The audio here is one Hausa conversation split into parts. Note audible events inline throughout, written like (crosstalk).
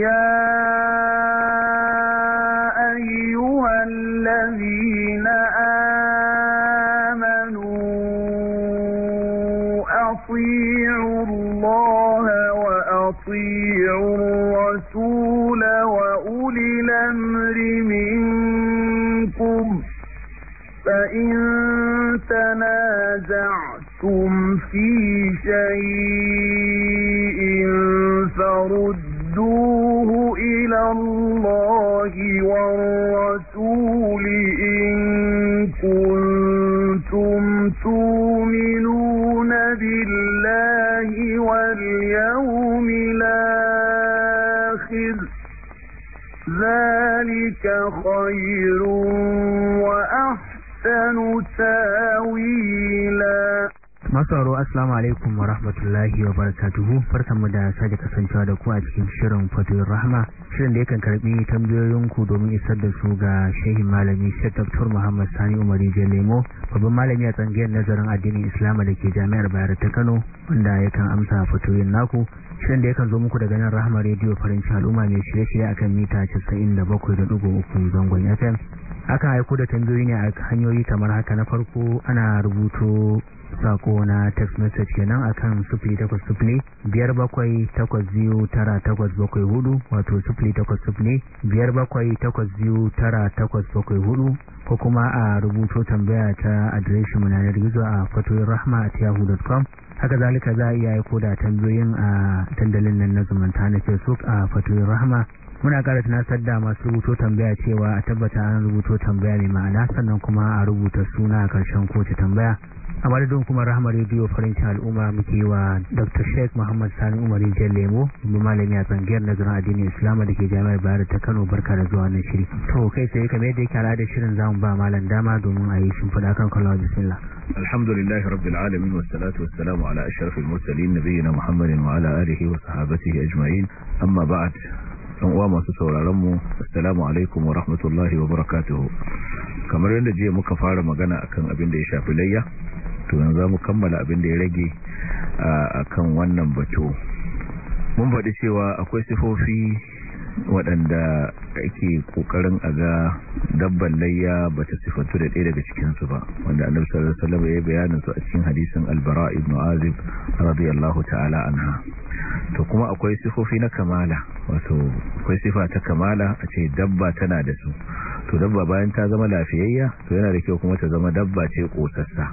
يا cikin shirin fatoyin rahama shirin da yakan karbi ku domin isar da su ga shehin malami shek dr muhammad sani umari lemo babban malami a tsangiyar nazarin addinin islam da ke jami'ar bayar ta kano wanda yakan amsa fatoyin naku shirin da yakan zo muku daga nan rahama rediyo farin al'umma mai shirye-shirye akan mita 97.3 zangon fm aka haiku da tambayoyi ne a hanyoyi kamar haka na farko ana rubuto sako na text message kenan kan sufuri takwas sufuri biyar bakwai takwas biyu tara takwas bakwai hudu wato sufuri takwas sufuri biyar bakwai takwas biyu tara takwas bakwai hudu ko kuma a rubuto tambaya ta adireshin munanar gizo a fatoyin rahama a yahoo.com haka zalika za a iya yi koda tambayoyin a dandalin nan na zumunta na su a fatoyin rahama muna ƙara tunasar da masu rubuto tambaya cewa a tabbata an rubuto tambaya mai ma'ana sannan kuma a rubuta suna a karshen kowace tambaya a madadin kuma rahama rediyo farancin al'umma muke wa dr sheik muhammad sani umar rijiyar lemo mu malami a tsangiyar nazarin addinin islam da ke jami'ar bayar ta kano barka da zuwa na shiri to kai sai kamar yadda yake al'adar shirin zamu ba malam dama domin a yi shimfiɗa kan kallon bismillah alhamdulillah rabbil alamin was salatu wa salamu ala ashrafil mursalin nabiyina muhammadin wa ala alihi wa sahbihi ajma'in amma ba'd yan uwa masu sauraron mu assalamu alaikum wa rahmatullahi wa barakatuhu kamar yadda jiya muka fara magana akan abin da ya shafi layya to yanzu za mu kammala abin da ya rage a kan wannan bato mun faɗi cewa akwai sifofi waɗanda ake ƙoƙarin a ga dabban layya ba ta sifatu da ɗaya daga cikinsu ba wanda annabi sallallahu alaihi ya bayanin su a cikin hadisin albara ibn azib radiyallahu ta'ala anha to kuma akwai sifofi na kamala wato akwai sifa ta kamala a ce dabba tana da su to dabba bayan ta zama lafiyayya to yana da kyau kuma ta zama dabba ce kosassa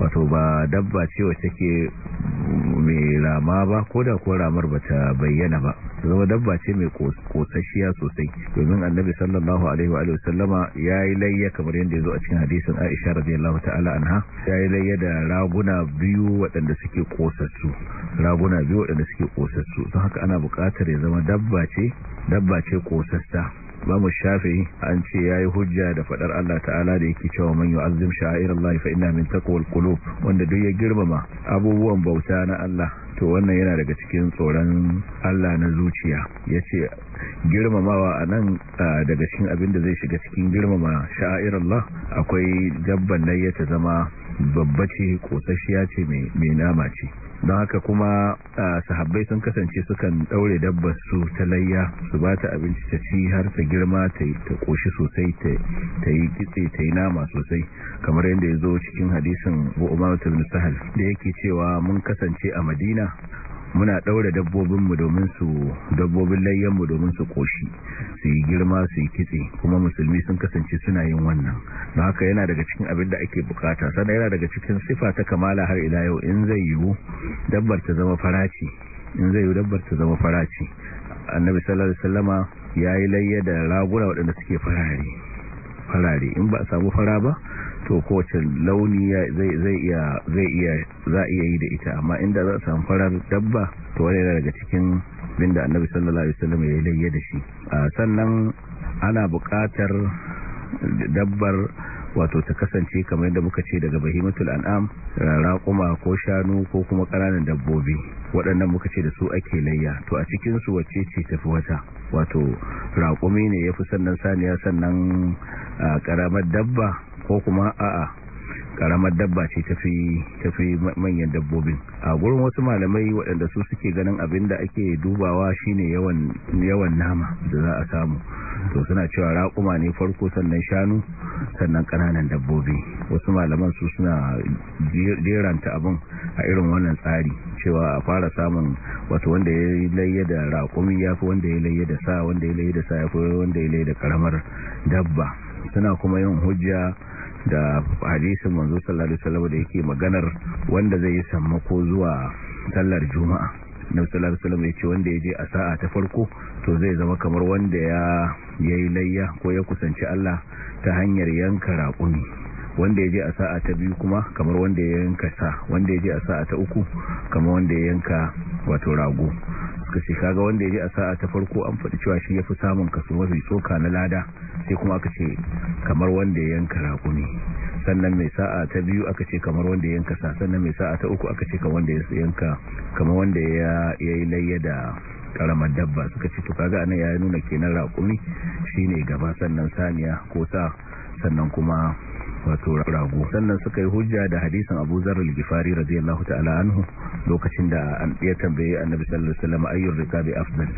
wato ba dabba ce wacce take mai rama ba ko da ko ramar ba ta bayyana ba ta zama dabba ce mai kosassiya sosai domin annabi sallallahu alaihi wa sallama ya yi layya kamar yadda ya zo a cikin hadisin aisha radiyallahu ta'ala anha ya yi layya da raguna biyu waɗanda suke kosassu raguna biyu waɗanda suke ake kosassu don haka ana bukatar ya zama dabba ce dabba ce kosassa ba mu shafi an ce yayi hujja da fadar Allah ta'ala da yake cewa man yu'azzim Allah fa inna min taqwal qulub wanda duk ya girmama abubuwan bauta na Allah to wannan yana daga cikin tsoron Allah na zuciya yace girmamawa anan daga cikin abin da zai shiga cikin girmama Allah akwai dabban da ya ta zama babba ce kosasshiya ce mai nama ce don haka kuma sahabbai sun kasance sukan daure dabbar su ta layya su ba ta abinci ta ci har ta girma ta koshi sosai ta yi kitse ta yi nama sosai kamar yadda ya zo cikin hadisin bu'umar tulun sahal da yake cewa mun kasance a madina muna daura dabbobinmu domin su dabbobin layyanmu domin su koshi su yi girma su yi kitse kuma musulmi sun kasance suna yin wannan don haka yana daga cikin abin da ake bukata sannan yana daga cikin sifa ta kamala har ila yau in zai yiwu dabbar ta zama faraci in zai yiwu dabbar ta zama faraci annabi sallallahu alaihi wasallama yayi layya da raguna waɗanda suke farare farare in ba a samu fara ba to kowace launi zai iya zai iya za iya yi da ita amma inda za su farar dabba to wani yana daga cikin binda annabi sallallahu alaihi wasallam ya layya da shi sannan ana buƙatar dabbar wato ta kasance kamar yadda muka ce daga bahimatul an'am raƙuma ko shanu ko kuma ƙananan dabbobi waɗannan muka ce da su ake layya to a cikin su wacce ce tafi wata wato raƙumi ne ya fi sannan saniya sannan ƙaramar dabba ko kuma a'a karamar dabba ce ta fi manyan dabbobin a gurin wasu malamai waɗanda su suke ganin abin da ake dubawa shine yawan nama da za a samu to suna cewa raƙuma ne farko sannan shanu sannan ƙananan dabbobi wasu malaman su suna jeranta abin a irin wannan tsari cewa a fara samun wato wanda ya laye da raƙumi ya fi wanda ya laye da sa wanda ya laye da sa ya fi wanda ya laye da ƙaramar dabba suna kuma yin hujja da hadisin manzo sallallahu alaihi wasallam da yake maganar wanda zai yi sammako zuwa sallar juma'a na sallallahu alaihi wasallam yace wanda yaje a sa'a ta farko to zai zama kamar wanda ya yayi layya ko ya kusanci Allah ta hanyar yanka raƙumi wanda ya je a sa'a ta biyu kuma kamar wanda ya yanka sa wanda ya je a sa'a ta uku kamar wanda ya yanka wato rago suka ce kaga wanda ya je a sa'a ta farko an faɗi cewa shi ya fi samun kaso mafi tsoka na lada sai kuma aka ce kamar wanda ya yanka rago ne sannan mai sa'a ta biyu aka ce kamar wanda ya yanka sa sannan mai sa'a ta uku aka ce kamar wanda ya yanka kamar wanda ya yi layya da karamar dabba suka ce to kaga anan ya nuna kenan raƙumi shine gaba sannan saniya ko sa sannan kuma wato rago sannan suka yi hujja da hadisin Abu Zar al-Ghifari radiyallahu ta'ala anhu lokacin da an ya tambaye Annabi sallallahu alaihi wasallam ayyur riqabi afdal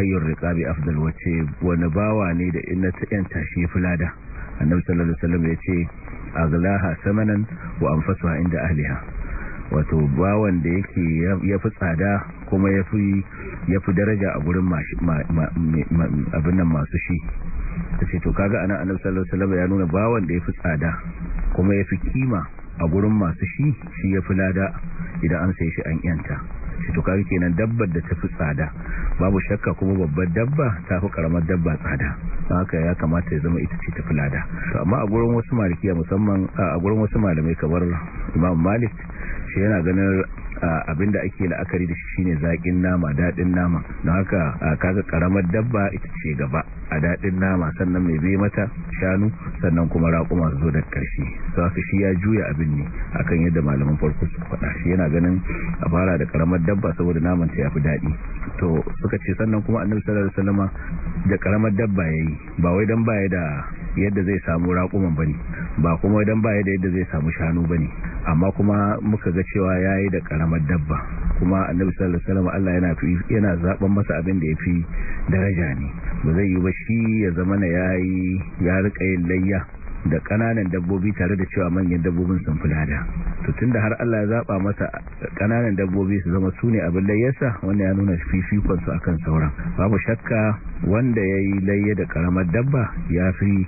ayyur riqabi afdal wace wani bawa ne da inna ta yanta shi fulada Annabi sallallahu alaihi wasallam ya ce samanan wa anfasuha inda ahliha wato bawan da yake ya fi tsada kuma ya fi daraja a gurin abin nan masu shi ta ce to kaga ana annabi sallallahu alaihi wasallam ya nuna bawan da yafi tsada kuma yafi kima a gurin masu shi shi yafi lada idan an sai shi an yanta shi to kaga kenan dabbar da tafi tsada babu shakka kuma babbar dabba tafi karamar dabba tsada don haka ya kamata ya zama ita ce tafi lada to amma a gurin wasu malikiya musamman a gurin wasu malamai kamar Imam Malik shi yana ganin abin da ake la'akari da shi shine zakin nama daɗin nama don haka kaga karamar dabba ita ce gaba a daɗin nama sannan mai bai mata shanu sannan kuma raƙuma su zo da ƙarshe za su shi ya juya abin ne akan yadda malaman farko su faɗa shi yana ganin a fara da ƙaramar dabba saboda naman ta fi daɗi to suka ce sannan kuma annabi sallallahu alaihi da ƙaramar dabba yayi ba wai dan baya da yadda zai samu raƙuman bane ba kuma dan baya da yadda zai samu shanu bane amma kuma muka ga cewa yayi da ƙaramar dabba kuma annabi sallallahu alaihi wasallam Allah yana yana zaben masa abin da yafi daraja ne ba zai yi ba shi ya zama na yayi ya rika yin layya da ƙananan dabbobi tare da cewa manyan dabbobin sun fi lada to tunda har Allah ya zaba masa ƙananan dabbobi su zama sune abin layyarsa wanda ya nuna fifikon a kan sauran babu shakka wanda yayi layya da karamar dabba ya fi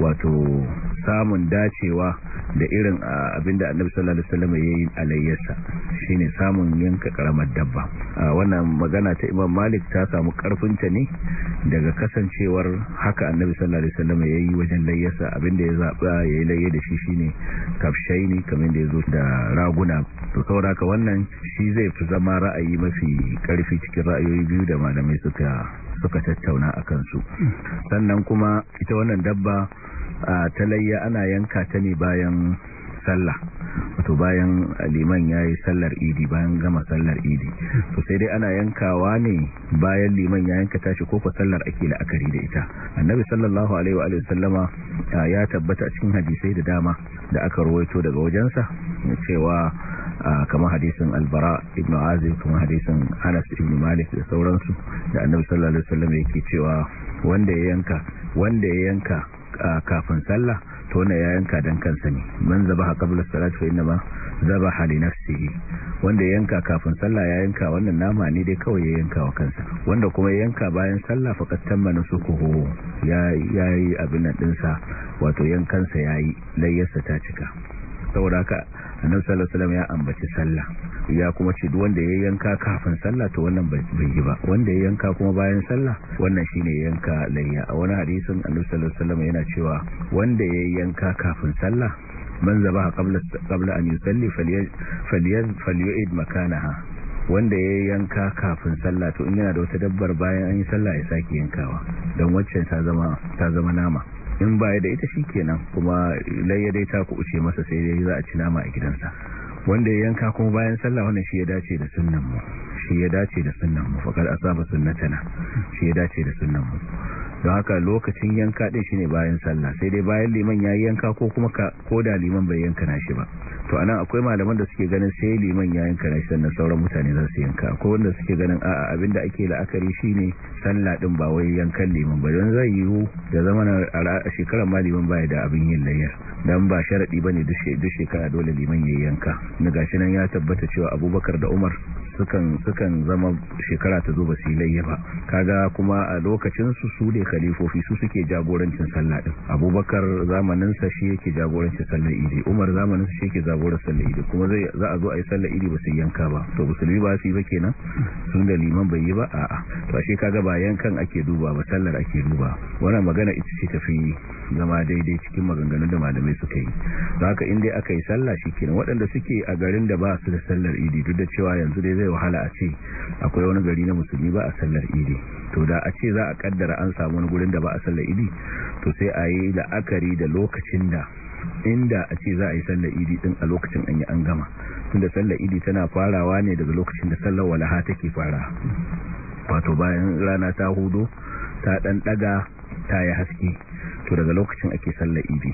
wato samun dacewa da irin abinda Annabi sallallahu alaihi wasallam yayi a layyarsa shine samun yanka karamar dabba wannan magana ta Imam Malik ta samu karfin ne daga kasancewar haka Annabi sallallahu alaihi wasallam yayi wajen layyarsa abinda ya zaɓa ya yi laye da shi shine kafshai ne kamar da ya zo da raguna to saboda wannan shi zai fi zama ra'ayi mafi ƙarfi cikin ra'ayoyi biyu da malamai suka suka tattauna a kansu sannan kuma ita wannan dabba a talayya ana yanka ta ne bayan sallah wato bayan liman ya yi sallar idi bayan gama sallar idi to sai dai ana yankawa ne bayan liman ya yanka tashi ko sallar ake la'akari da ita annabi sallallahu alaihi wa sallama ya tabbata cikin hadisai da dama da aka rawaito daga wajensa cewa kamar hadisin albara ibn azib kamar hadisin anas ibn malik da sauransu da annabi sallallahu alaihi sallama yake cewa wanda ya yanka wanda ya yanka kafin sallah tona ya yanka dan kansa ne man zabaha qabla salati fa inma zabaha li nafsihi wanda yanka kafin sallah ya yanka wannan nama ne dai kawai ya yanka wa kansa wanda kuma ya yanka bayan sallah faqad tamma nusukuhu ya yayi abin nan dinsa wato yankansa yayi layyarsa ta cika saboda haka annabi sallallahu alaihi wasallam ya ambaci sallah ya kuma ce duk wanda ya yanka kafin sallah to wannan bai yi ba wanda ya yanka kuma bayan sallah wannan shine yanka layya a wani hadisin annabi sallallahu alaihi wasallam yana cewa wanda ya yanka kafin sallah man zabaha qabla qabla an yusalli falyan falyu'id makanaha wanda ya yanka kafin sallah to in yana da wata dabbar bayan an yi sallah ya sake yankawa don waccan ta zama ta zama nama in baya da ita shi kenan kuma layya dai ta ku uce masa sai dai za a ci nama a gidansa wanda ya yanka kuma bayan sallah wannan shi ya dace da sunnan mu shi ya dace da sunan mu faqad asaba sunnatana shi ya dace da sunnan mu don haka lokacin yanka shi shine bayan sallah sai dai bayan liman yayi yanka ko kuma ko da liman bai yanka shi ba to anan akwai malaman da suke ganin sai liman ya yanka shi sannan sauran mutane za su yanka akwai wanda suke ganin a'a da ake la'akari shi ne sallah ɗin ba wai yankan liman ba don zai yiwu da zaman a shekarar ma liman baya da abin yin layyar don ba sharaɗi ba ne duk shekara dole liman ya yanka na gashi nan ya tabbata cewa Abubakar da Umar sukan sukan zama shekara ta zo ba su layya ba kaga kuma a lokacin su su ne khalifofi su suke jagorancin sallah din abubakar zamanin sa shi yake jagorancin sallah idi umar zamanin sa shi yake jagorancin sallah idi kuma zai za a zo a yi sallar idi ba su yanka ba to musulmi ba su yi ba kenan sun da liman bai yi ba a'a to ashe kaga ba yankan ake duba ba sallar ake duba wannan magana ita ce tafi zama daidai cikin maganganun da malamai suka yi don haka inda aka yi sallah shi kenan waɗanda suke a garin da ba su da sallar idi duk da cewa yanzu dai zai wahala a ce akwai wani gari na musulmi ba a sallar idi to da a ce za a kaddara an samu wani gurin da ba a sallar idi to sai a yi la'akari da lokacin da inda a ce za a yi sallar idi din a lokacin an yi an gama tunda sallar idi tana farawa ne daga lokacin da sallar walaha take fara wato bayan rana ta hudu ta ɗan ɗaga ta yi haske to daga lokacin ake sallar idi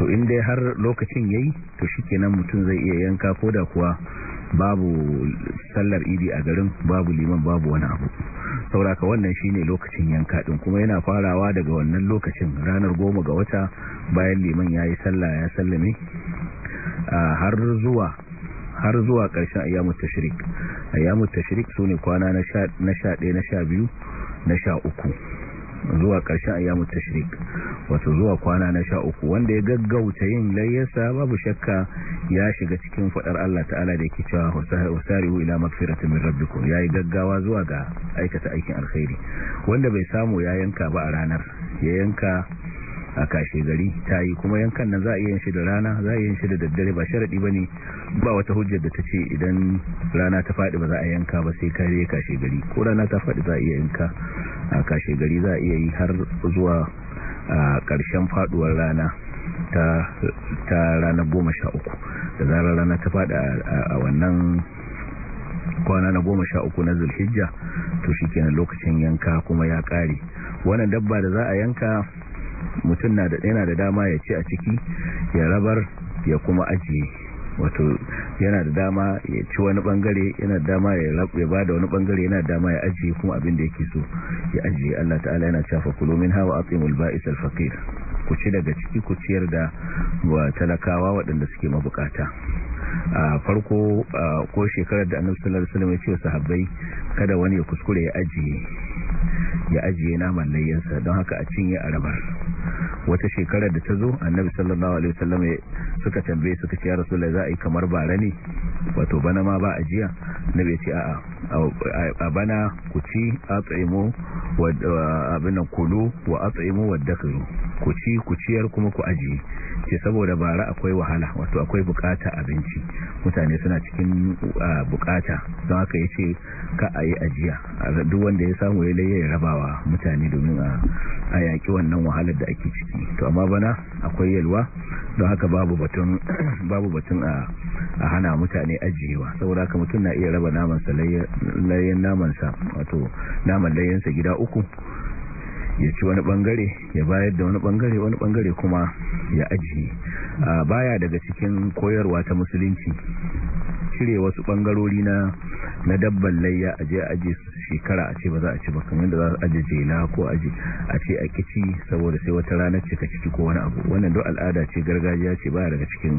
to in dai har lokacin yayi to shikenan mutum zai iya yanka ko da kuwa babu sallar idi a garin babu liman babu wani abu sauraka wannan shine lokacin yanka din kuma yana farawa daga wannan lokacin ranar goma ga wata bayan liman yayi sallah ya sallame har zuwa har zuwa ƙarshen ayyamut tashrik ayyamut tashrik sune kwana na 11 na 12 na 13 zuwa ƙarshe ayyamu shirik wato zuwa kwana na sha uku wanda ya gaggauta yin layyarsa babu shakka ya shiga cikin faɗar Allah ta'ala da ya yake cewa hu ila magfiratin min ya yi gaggawa zuwa ga aikata aikin alkhairi wanda bai samu ya yanka ba a ranar ya yanka a kashe gari ta yi kuma yankan nan za a yin shi da rana za a yin shi da daddare ba sharaɗi ba ne ba wata hujjar da ta ce idan rana ta faɗi ba za a yanka ba sai kare kashe gari ko rana ta faɗi za a iya yanka a kashe gari za a iya yi har zuwa a ƙarshen faɗuwar rana ta ranar goma sha uku da zarar rana ta faɗi a wannan kwana na goma sha uku na zulhijja to shi kenan lokacin yanka kuma ya ƙare wannan dabba da za a yanka mutum yana da dama ya ci a ciki ya rabar ya kuma ajiye wato yana da dama ya ci wani bangare yana da dama ya rabu ba da wani bangare yana da dama ya ajiye kuma abin da yake so ya ajiye Allah ta'ala yana cewa kulomin hawa aqimul ba'is al faqir ku ci daga ciki ku ciyar da wa talakawa waɗanda suke mabukata a farko ko shekarar da annabi sallallahu alaihi wasallam ya ce wa sahabbai kada wani ya kuskure ya ajiye ya ajiye naman layyansa don haka a cinye a rabar wata shekarar da ta zo annabi sallallahu alaihi wasallam suka tambaye suka ce ya rasulullahi za a yi kamar bara ne wato bana ma ba ajiya nabi ya ce a'a a bana ku ci at'imu wa abin kulu wa at'imu wa dakhiru ku ci ku ciyar kuma ku aji. ce saboda bara akwai wahala wato akwai bukata abinci mutane suna cikin bukata don haka yace ka a yi ajiya duk wanda ya samu ya laye rabawa mutane domin a yaki wannan wahalar da ake to amma bana akwai yalwa don haka (clears throat) babu batun a a hana mutane ajiyewa saboda haka mutum na iya raba naman sa layen naman sa wato naman layen gida uku ya ci wani bangare ya bayar da wani bangare wani bangare kuma ya ajiye baya daga cikin koyarwa ta musulunci cire wasu bangarori na na dabban layya a je aje shekara a ce ba za a ce ba kamar da za a aje jela ko aje a ce a kici saboda sai wata ranar cika ciki ko wani abu wannan duk al'ada ce gargajiya ce ba daga cikin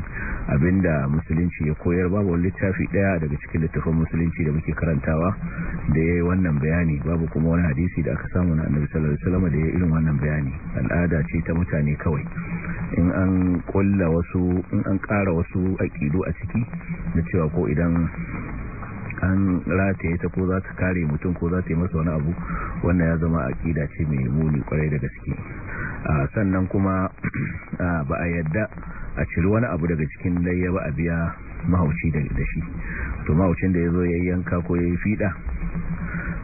abin da musulunci ya koyar babu wani littafi daya daga cikin littafin musulunci da muke karantawa da ya yi wannan bayani babu kuma wani hadisi da aka samu na annabi sallallahu alaihi wasallam da yi irin wannan bayani al'ada ce ta mutane kawai in an kulla wasu in an kara wasu aƙidu a ciki na cewa ko idan an rataye ta ko za ta kare mutum ko za ta yi masa wani abu wannan ya zama aƙida ce mai muni kwarai da gaske sannan kuma ba a yadda a ciri wani abu daga cikin layya ba a biya mahauci da shi to mahaucin da ya zo ya yanka ko ya yi fiɗa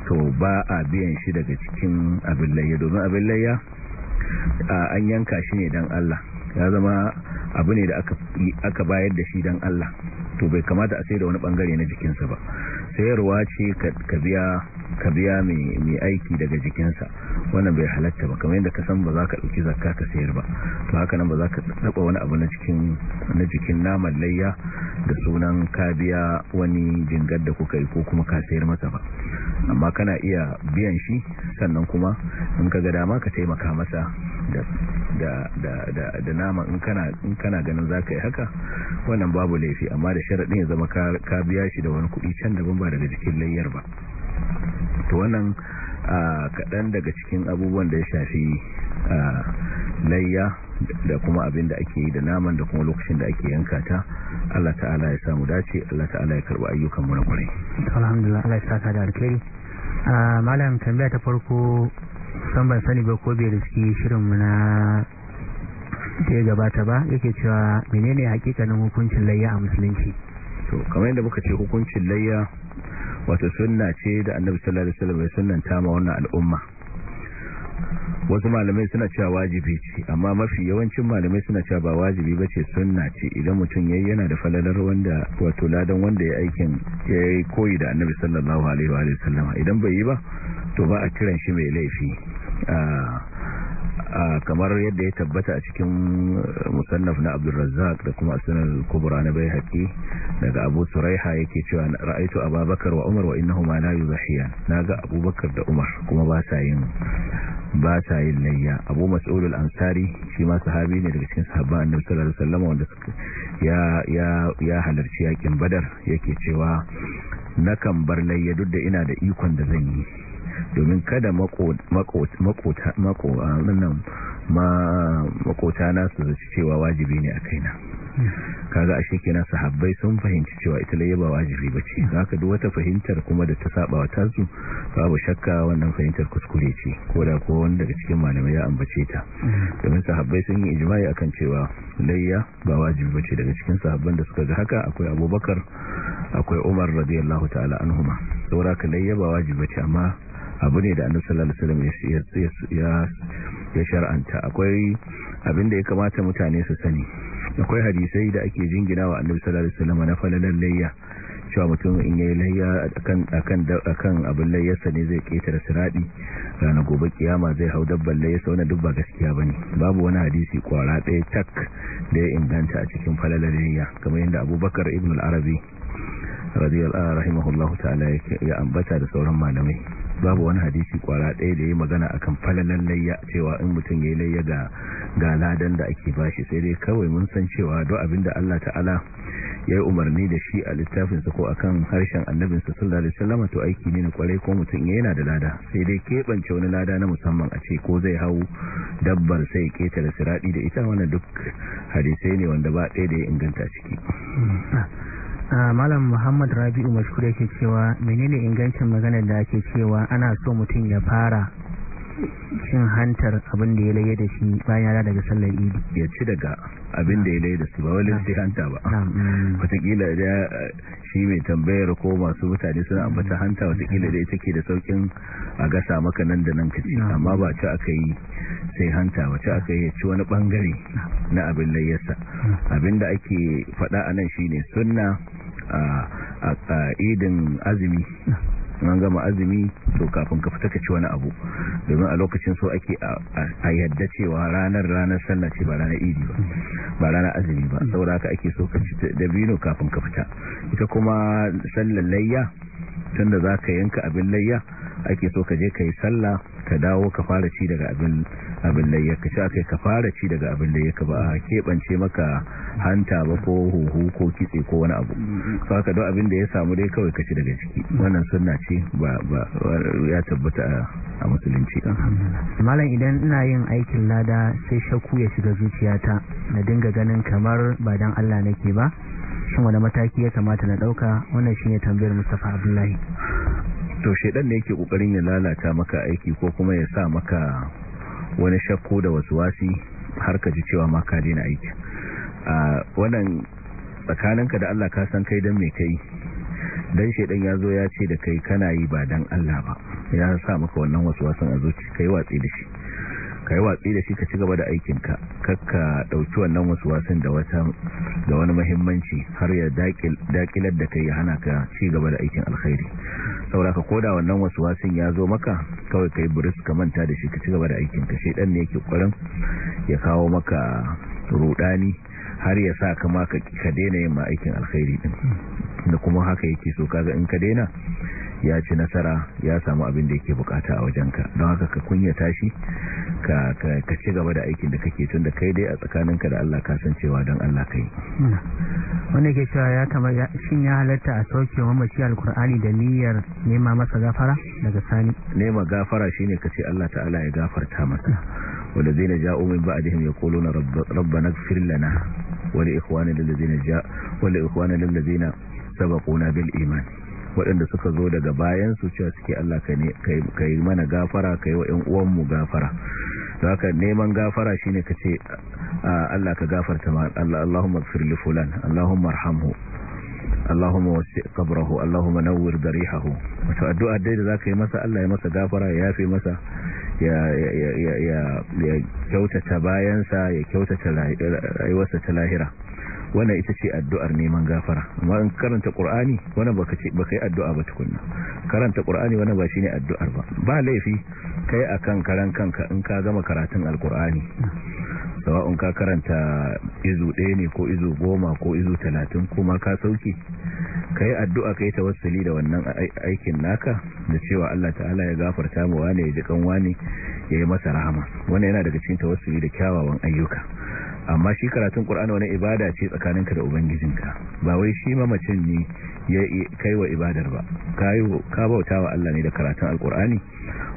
to ba a biyan shi daga cikin abin layya domin abin layya an yanka shi ne don Allah ya zama abu ne da aka bayar da shi don Allah to bai kamata a sai da wani bangare na jikinsa ba sayarwa ce ka biya mai aiki daga jikinsa wannan bai halatta ba kamar yadda ka san ba za ka ɗauki zakka ka sayar ba to haka nan ba za ka taɓa wani abu na jikin naman layya da sunan ka biya wani jingar da kuka yi ko kuma ka sayar masa ba amma kana iya biyan shi sannan kuma in ka ga dama ka taimaka masa da nama in kana ganin za ka yi haka wannan babu laifi amma da sharaɗin ya zama ka biya shi da wani kuɗi can daban ba daga cikin layyar ba to wannan kaɗan daga cikin abubuwan da ya shafi layya da kuma abin da ake yi da naman da kuma lokacin da ake yanka ta Allah ta'ala ya samu dace Allah ta'ala ya karba ayyukan mu na kwarai alhamdulillah Allah ya saka da alkhairi malam tambaya ta farko san ban sani ba ko bai riski shirin mu na da ya gabata ba yake cewa menene hakikanin hukuncin layya a musulunci to kamar yadda muka ce hukuncin layya wato sunna ce da annabi sallallahu alaihi wasallam ya sunnanta ma wannan al'umma wasu malamai suna cewa wajibi ce amma mafi yawancin malamai suna cewa ba wajibi bace sunna ce idan mutum yayi yana da falalar wanda wato ladan wanda ya aikin ya koyi da annabi sallallahu alaihi wa idan bai yi ba to ba a kiran shi mai laifi ah, Ah, kamar yadda ya tabbata a cikin eh, musannaf na abdulrazzaq da kuma sanar kubra na baihaqi daga abu suraiha yake cewa ra'aitu ababakar wa umar wa yi la na ga abubakar da umar kuma ba sa yin layya abu mas'ud ansari shi ma sahabi ne daga cikin sahabban annabi sallallahu alaihi wanda ya ya ya halarci yakin badar yake cewa nakan bar layya duk da ina da ikon da zan yi domin kada makota na su zaci cewa wajibi ne a kai kaina kaga ashe kenan sahabbai sun fahimci cewa ita laye ba wajibi bace zaka duk wata fahimtar kuma da ta saba wa tasu babu shakka wannan fahimtar kuskure ce ko da ko wanda daga cikin malamai ya ambace ta domin sahabbai sun yi ijma'i akan cewa layya ba wajibi bace daga cikin sahabban da suka ga haka akwai Abubakar akwai Umar radiyallahu ta'ala anhuma saboda layya ba wajibi bace amma abu ne da annabi sallallahu alaihi wasallam ya shar'anta akwai abin da ya kamata mutane su sani akwai hadisai da ake jingina wa annabi sallallahu alaihi wasallam na falalan layya cewa mutum in yayi layya akan akan akan abin layyarsa ne zai ketare siradi ranar gobe kiyama zai hau dabban layyarsa wannan duk ba gaskiya bane babu wani hadisi kwara ɗaya tak da ya inganta a cikin falalan layya kamar yadda Abubakar ibn al-Arabi radiyallahu rahimahullahu ta'ala ya ambata da sauran malamai babu wani hadisi kwara ɗaya da ya magana a kan falalan layya cewa in mutum ya yi layya ga ga ladan da ake bashi sai dai kawai mun san cewa duk abin da Allah ta'ala ya yi umarni da shi a littafinsa ko a kan harshen annabinsa sallallahu alaihi wasallam to aiki ne na kwarai ko mutum yana da lada sai dai keɓance wani lada na musamman a ce ko zai hau dabbar sai da siradi da ita wannan duk hadisai ne wanda ba ɗaya da ya inganta ciki hmm. malam muhammad rabi'u mashkur yake cewa menene ingancin maganar da ake cewa ana so mutum ya fara cin hantar abin da ya laye da shi bayan ya daga sallar idi ya ci daga abin da ya laye da su ba wani sai hanta ba watakila da shi mai tambayar ko masu mutane suna ambata hanta watakila da ita ke da saukin a gasa maka nan da nan kaci amma ba ci aka yi sai hanta ba ci aka yi ci wani bangare na abin layyarsa abin da ake faɗa a nan shi ne sunna a idin azumi an gama azumi to kafin ka fita ka ci wani abu domin a lokacin so ake a yadda cewa ranar ranar sallah ce ba ranar idi ba ba ranar azumi ba saboda haka ake so ka ci dabino kafin ka fita ita kuma sallar layya tunda za ka yanka abin layya ake so ka je ka yi sallah ka dawo ka fara ci daga abin abin layya ka sha kai ka fara ci daga abin layya ka ba a keɓance maka hanta ba ko huhu ko kitse ko wani abu so haka don abin da ya samu dai kawai ka ci daga ciki wannan sunna ce ba ya tabbata a musulunci malam idan ina yin aikin lada sai shakku ya shiga zuciyata na dinga ganin kamar ba dan Allah nake ba shin wani mataki ya kamata na dauka wannan shine tambayar Mustafa Abdullahi to shedan ne yake kokarin ya lalata maka aiki ko kuma ya sa maka wani shakko da wasi har ka ji cewa ma ka daina aiki a wannan tsakaninka da Allah ka san kai dan me kai dan shedan ya zo ya ce da kai kana yi ba dan Allah ba ya sa maka wannan waswasan a zuci kai watsi da shi ka yi watsi da shi ka ci gaba da aikinka kakka ɗauki wannan wasu wasan da wani mahimmanci har ya daƙilar da kai ya hana ka ci gaba da aikin alkhairi saura ka koda wannan wasu wasan ya zo maka kawai ka yi buris ka manta da shi ka ci gaba da aikinka shi ɗan ne yake ƙwarin ya kawo maka rudani har ya sa kama ka daina yin ma aikin alkhairi din da kuma haka yake so kaga in ka daina ya ci nasara ya samu abin da yake bukata a wajenka don haka ka kunya tashi ka ka ci gaba da aikin da kake tun da kai dai a tsakaninka da Allah ka san cewa don Allah kai wanda ke cewa ya kama shin ya halatta a sauke wa mace alkur'ani da niyyar nema masa gafara daga sani nema gafara shine ka ce Allah ta'ala ya gafarta masa wanda zai na ja'u min ba'dihim yaquluna rabbana ighfir lana na li ikhwanina alladhina ja'a wa bil iman waɗanda suka zo daga bayan su cewa suke Allah ka yi mana gafara ka yi wa uwanmu gafara za ka neman gafara shi ne ka ce Allah ka gafarta Allahumma firli fulan Allahumma arhamhu Allahumma wasu qabrahu Allahumma nawwir darihahu wato addu'a dai da zaka yi masa Allah ya masa gafara ya yafe masa ya ya kyautata bayansa ya kyautata rayuwarsa ta lahira wannan ita ce addu'ar neman gafara amma in karanta qur'ani wannan baka ce baka yi addu'a ba tukunna karanta qur'ani wannan ba shine addu'ar ba ba laifi kai akan karan kanka in ka gama karatun alqur'ani sawa'un ka karanta izu 1 ne ko izu 10 ko izu 30 kuma ka sauke kai addu'a kai tawassuli da wannan aikin naka da cewa Allah ta'ala ya gafarta mu wane ya ji kan wane ya yi masa rahama wannan yana daga cikin tawassuli da kyawawan ayyuka amma shi karatun ƙur'ana wani ibada ce tsakaninka da ubangijinka ba wai shi mamacin ne ya kai wa ibadar ba ka bauta wa Allah ne da karatun alƙur'ani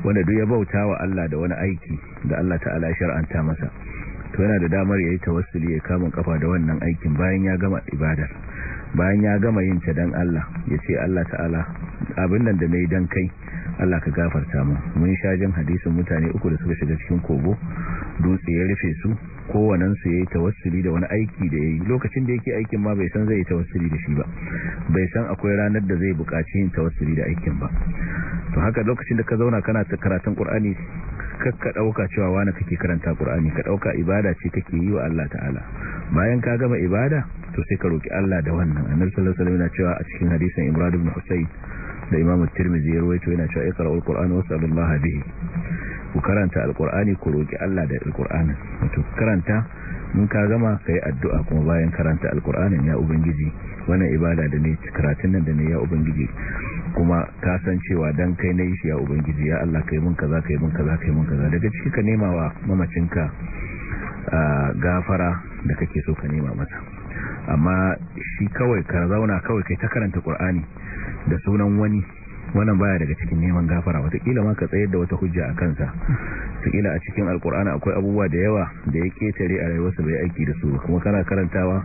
wanda duk ya bauta wa Allah da wani aiki da Allah ta'ala ya shar'anta masa to yana da damar ya yi tawassuli ya kama kafa da wannan aikin bayan ya gama ibadar bayan ya gama yin ta dan Allah ya ce Allah ta'ala abin nan da na yi dan kai Allah ka gafarta mu mun sha jin hadisin mutane uku da suka shiga cikin kogo dutse ya rufe su kowannen su yayi tawassuli da wani aiki da yayi lokacin da yake aikin ma bai san zai yi tawassuli da shi ba bai san akwai ranar da zai buƙaci yin tawassuli da aikin ba to haka lokacin da ka zauna kana ta karatun Qur'ani kakka dauka cewa wani kake karanta Qur'ani ka dauka ibada ce kake yi wa Allah ta'ala bayan ka gama ibada to sai ka roki Allah da wannan annabi sallallahu alaihi wasallam yana cewa a cikin hadisin Imran ibn Husayn da al tirmidhi ya rawaito yana cewa al qur'an was'alullaha bihi ku karanta al-qur'ani ku roki Allah da alqur'anin to karanta mun ka gama kai addu'a kuma bayan karanta alqur'anin ya ubangiji wannan ibada da ne karatun nan da ne ya ubangiji kuma ka san cewa dan kai ne shi ya ubangiji ya Allah kai mun kaza kai mun kaza kai mun kaza daga cikin ka nemawa mamacinka ah, gafara da kake so ka nema masa amma shi kawai ka zauna kawai kai ta karanta qur'ani da sunan wani wannan baya daga cikin neman gafara watakila ma ka tsayar da wata hujja a kansa kila a cikin alkur'ani akwai abubuwa da yawa da ya ketare a rayuwarsa bai aiki da su kuma kana karantawa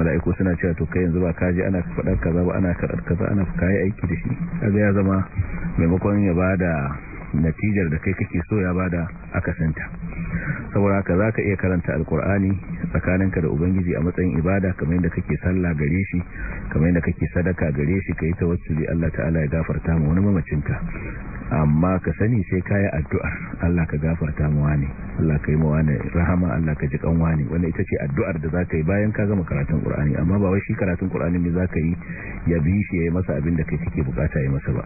mala'iku suna cewa to kai yanzu ba ka ji ana faɗar kaza ba ana karar kaza ana kayi aiki da shi kaga ya zama maimakon ya bada natijar da kai kake so ya bada akasanta saboda haka zaka iya karanta alkur'ani tsakaninka da ubangiji a matsayin ibada kamar yadda kake sallah gare shi kamar yadda kake sadaka gare shi kai tawassuli Allah ta'ala ya gafarta mu wani mamacinka amma ka sani sai kai addu'a Allah ka gafarta mu wani Allah ka yi mu wani rahama Allah ka ji kan wani wannan ita ce addu'ar da zaka yi bayan ka gama karatun Qur'ani amma ba wai shi karatun Qur'ani ne zaka yi ya bi shi ya yi masa abin da kai kake bukata ya yi masa ba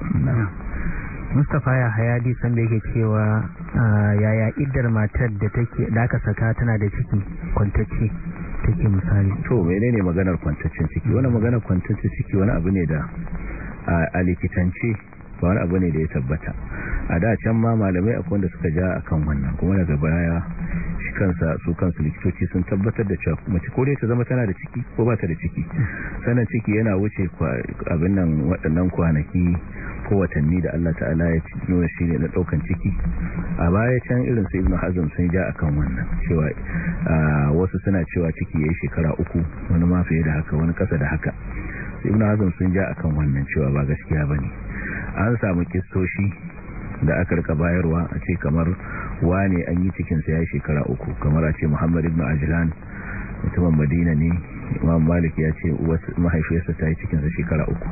mustapha ya hayadi sanda yake cewa ah, yaya iddar matar da take da aka saka tana da ciki kwantacce take misali to menene maganar kwantaccen ciki wani maganar kwantaccen ciki wani abu ne da a likitance ba wani abu ne da ya tabbata a da can ma malamai akwai wanda suka ja akan wannan kuma daga baya shi kansa su kansu likitoci sun tabbatar da cewa mace ko dai ta zama tana da ciki ko ba ta da ciki sannan ciki yana wuce abin nan waɗannan kwanaki ko da Allah ta'ala ya ci nuna shi ne na ɗaukan ciki a baya can irin su ibn hazm sun ja a kan wannan cewa wasu suna cewa ciki ya yi shekara uku wani ma fiye da haka wani ƙasa da haka ibn hazm sun ja a kan wannan cewa ba gaskiya ba ne an samu kistoshi da aka rika bayarwa a ce kamar wane an yi cikinsa ya yi shekara uku kamar a ce muhammad ibn ajilan mutumin madina ne imam malik ya ce mahaifiyarsa ta yi cikinsa shekara uku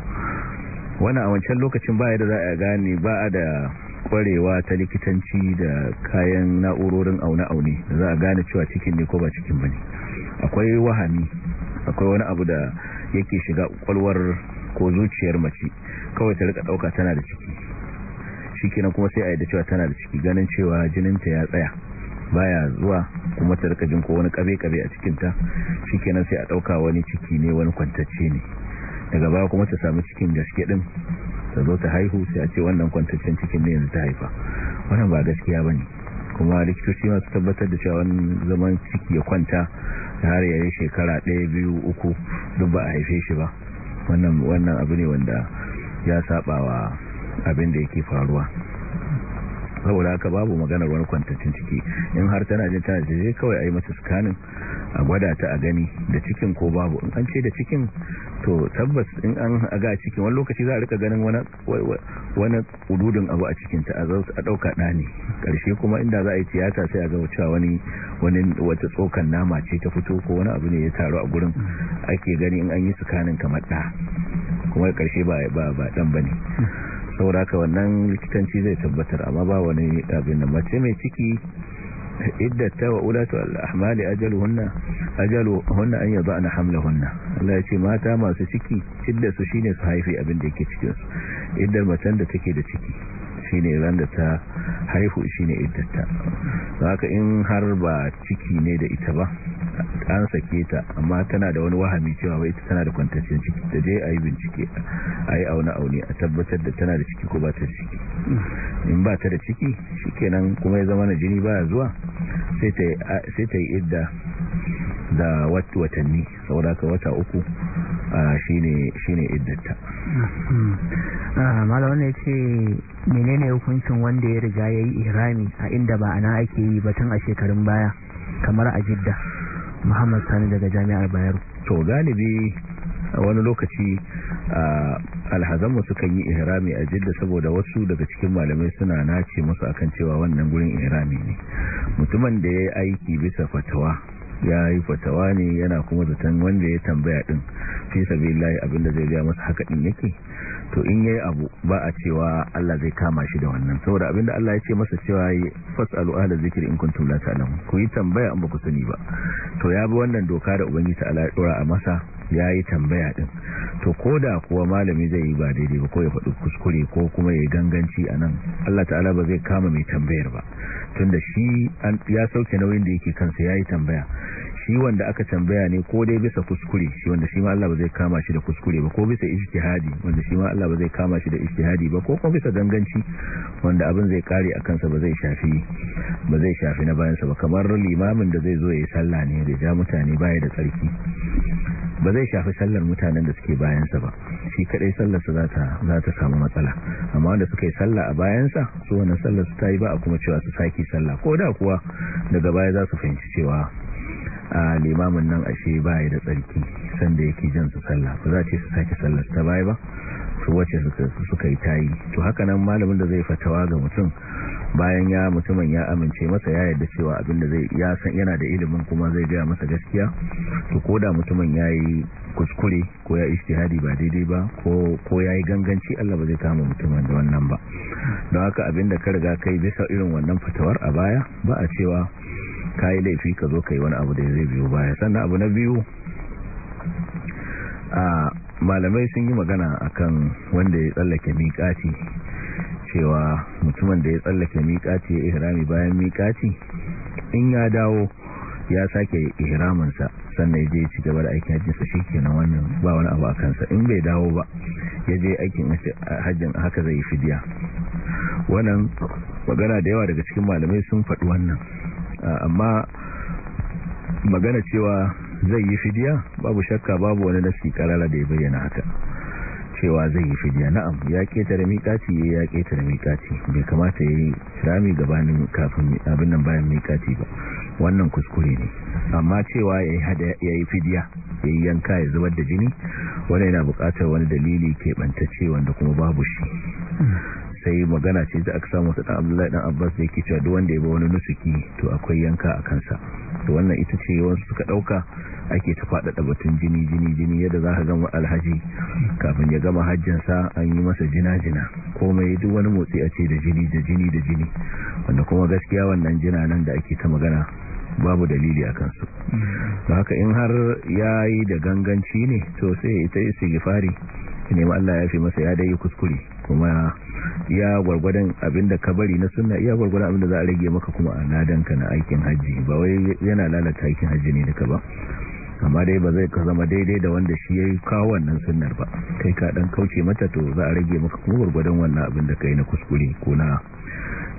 wani a wancan lokacin ba da za a gane ba a da kwarewa ta likitanci da kayan na'urorin aune-aune da za a gane cewa cikin ne ko ba cikin ba ne akwai wahani akwai wani abu da yake shiga kwalwar ko zuciyar mace kawai ta rika dauka tana da ciki shi kenan kuma sai a yi da cewa tana da ciki ganin cewa jininta ya tsaya baya zuwa kuma ta rika jin ko wani kabe-kabe a cikinta shi kenan sai a dauka wani ciki ne wani kwantacce ne daga baya kuma ta samu cikin gaske din ta zo ta haihu sai a ce wannan kwantaccen cikin ne yanzu ta haifa wannan ba gaskiya bane kuma likitoci masu tabbatar da cewa zaman ciki ya kwanta har yare shekara ɗaya biyu uku duk ba a haife shi ba wannan abu ne wanda ya sabawa abin da yake faruwa saboda haka babu maganar wani kwantaccen ciki in har tana jin tana je kawai a yi mata scanning a gwada ta a gani da cikin ko babu in an ce da cikin to tabbas in an aga a cikin wani lokaci za a rika ganin wani wani abu a cikin ta a ɗauka da karshe kuma inda za a yi tiyata sai a ga cewa wani wani wata tsokan nama ce ta fito ko wani abu ne ya taru a gurin ake gani in an yi sukanin kamar da kuma karshe ba ba ba dan bane saboda haka wannan likitanci zai tabbatar amma ba wani abin da mace mai ciki iddata wa ulatu al-ahmali ajaluhunna ajaluhunna an yadana hamlahunna Allah ya ce mata masu ciki iddar su shine su haifi abin da yake cikin su iddar macen da take da ciki shine ran da ta haihu shine iddata haka in har ba ciki ne da ita ba an sake ta amma tana da wani wahami cewa wai tana da kwantaccen ciki da je a yi bincike a yi auna aune a tabbatar da tana da ciki ko ba ta ciki in ba ta da ciki shi kenan kuma ya zama na jini ba zuwa sai ta yi idda da watanni saboda ka wata uku shi ne iddata hmm. ah, wanda ya ce menene hukuncin wanda ya riga ya yi irami a inda ba ana ake yi batun a shekarun baya kamar a jidda muhammad sani daga jami'ar bayero to galibi a wani lokaci alhazanmu sukan yi ihrami a jidda saboda wasu daga cikin malamai suna nace musu akan cewa wannan gurin ihrami ne mutumin da ya aiki bisa fatawa ya yi fatawa ne yana kuma zaton wanda ya tambaya din fi sabilillahi abinda zai biya masa haka din yake to in yayi abu ba a cewa Allah zai kama shi da wannan saboda abinda Allah ya ce masa cewa yi fasalu ahla zikr in kuntum la ta'lamu ku yi tambaya in ba ku sani ba to ya bi wannan doka da ubangiji ta Allah ya a masa yayi tambaya din to koda kuwa malami zai yi ba daidai ba ko ya faɗi kuskure ko kuma ya ganganci anan Allah ta'ala ba zai kama mai tambayar ba tunda shi ya sauke nauyin da yake kansa ya yi tambaya shi wanda aka tambaya ne ko dai bisa kuskure shi wanda shi ma Allah ba zai kama shi da kuskure ba ko bisa ijtihadi wanda shi ma Allah ba zai kama shi da ijtihadi ba ko kuma bisa ganganci wanda abin zai kare a kansa ba zai shafi ba zai shafi na bayansa ba kamar limamin da zai zo ya yi sallah ne da ja mutane baya da tsarki ba zai shafi sallar mutanen da suke bayansa ba shi kadai sallar sa ta zata samu matsala amma wanda suka yi sallah a bayansa su wannan sallar su ta ba a kuma cewa su saki sallah ko da kuwa daga baya za su fahimci cewa a limamin nan ashe ba ya da tsarki sanda yake jan su sallah ba za ce su sake sallar ta baya ba su wace suka yi tayi to haka nan malamin da zai fatawa ga mutum bayan ya mutumin ya amince masa ya yarda cewa abin da zai ya san yana da ilimin kuma zai gaya masa gaskiya to ko da mutumin ya yi kuskure ko ya hadi ba daidai ba ko ko yi ganganci Allah ba zai kama mutumin da wannan ba don haka abin da ka riga kai bisa irin wannan fatawar a baya ba a cewa kayi laifi ka zo ka wani abu da zai biyo baya sannan abu na biyu a malamai sun yi magana akan wanda ya tsallake miƙaci cewa mutumin da ya tsallake miƙaci ya ihrami bayan miƙaci in ya dawo ya sake ihraminsa sannan ya je ci gaba da aikin hajjinsa shi kenan wannan ba wani abu a kansa in bai dawo ba ya je aikin hajjin haka zai yi fidiya wannan magana da yawa daga cikin malamai sun faɗi wannan amma magana cewa zai yi fidiya babu shakka babu wani nasi karara da ya bayyana haka cewa zai yi fidiya na'am ya ketare miƙaci ya ketare miƙaci bai kamata ya yi rami gabanin kafin abin nan bayan miƙaci ba wannan kuskure ne amma cewa ya yi fidiya ya yi yanka ya zubar da jini wani yana bukatar wani dalili keɓantacce wanda kuma babu shi sai magana ce da aka samu sadan abdullahi dan abbas da ke cewa duk wanda ya ba wani nusuki to akwai yanka a kansa to wannan ita ce yawan suka dauka ake ta faɗaɗa batun jini jini jini yadda za ka mu alhaji kafin ya gama sa an yi masa jina jina komai duk wani motsi a ce da jini da jini da jini wanda kuma gaskiya wannan jina nan da ake ta magana babu dalili a kansu mm. haka in har ya yi da ganganci ne to sai ita ta yi sigifari ki nemi Allah ya fi masa ya dai kuskure kuma ya gwargwadon abinda ka bari na sunna iya gwargwadon abinda za a rage maka kuma a nadanka na aikin hajji ba wai yana lalata aikin hajji ne duka ba amma dai ba zai zama daidai da wanda shi ya yi kawo wannan sunnar ba kai ka dan kauce mata to za a rage maka kuma gwargwadon wannan abin da yi na kuskure ko na